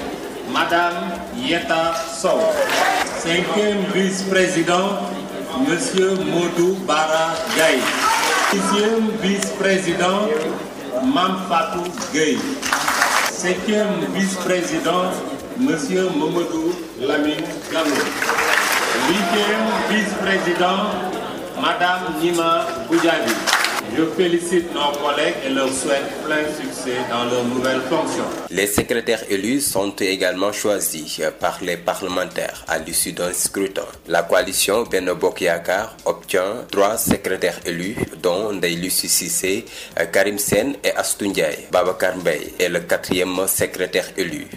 Madame Yeta Sow. Cinquième vice-président, Monsieur Modou Bara Gaye. Sixième vice-président, Mamfatou Gueye. Septième vice-président, Monsieur Momodou Lamine Gallo. Huitième vice-président, Madame Nima Boudjadi. Je félicite nos collègues et leur souhaite plein succès dans leurs nouvelles fonctions. Les secrétaires élus sont également choisis par les parlementaires à l'issue d'un scrutin. La coalition Benno Bokk Yakaar obtient trois secrétaires élus dont Ndeye Lucie Cissé, Karim Sène et Astou Ndiaye. Babacar est le quatrième secrétaire élu.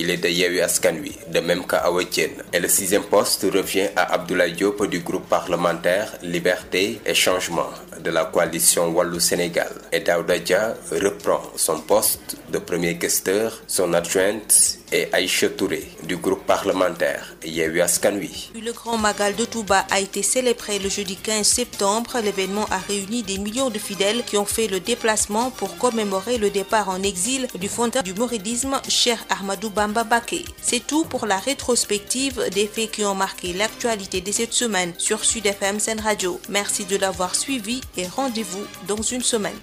Il est de Yewwi Askan Wi, de même qu'Awa Diène. Et le sixième poste revient à Abdoulaye Diop du groupe parlementaire Liberté et Changement. de la coalition Wallou Sénégal. Et Daouda Dia reprend son poste de premier questeur, son adjointe et Aïcha Touré du groupe parlementaire Yewwi Askan Wi. Le Grand Magal de Touba a été célébré le jeudi 15 septembre. L'événement a réuni des millions de fidèles qui ont fait le déplacement pour commémorer le départ en exil du fondateur du mouridisme, Cheikh Ahmadou Bamba Mbacké. C'est tout pour la rétrospective des faits qui ont marqué l'actualité de cette semaine sur Sud FM Sen Radio. Merci de l'avoir suivi. et rendez-vous dans une semaine.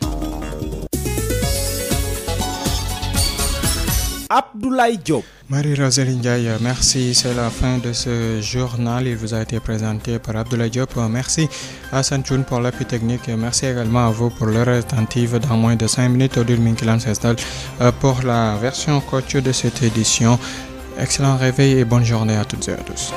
Marie-Rosalie merci. C'est la fin de ce journal. Il vous a été présenté par Abdoulaye Diop. Merci à Sanchoun pour l'appui technique. Merci également à vous pour l'heure attentive. Dans moins de minutes, Odile euh, pour la version coach de cette édition. Excellent réveil et bonne journée à toutes et à tous.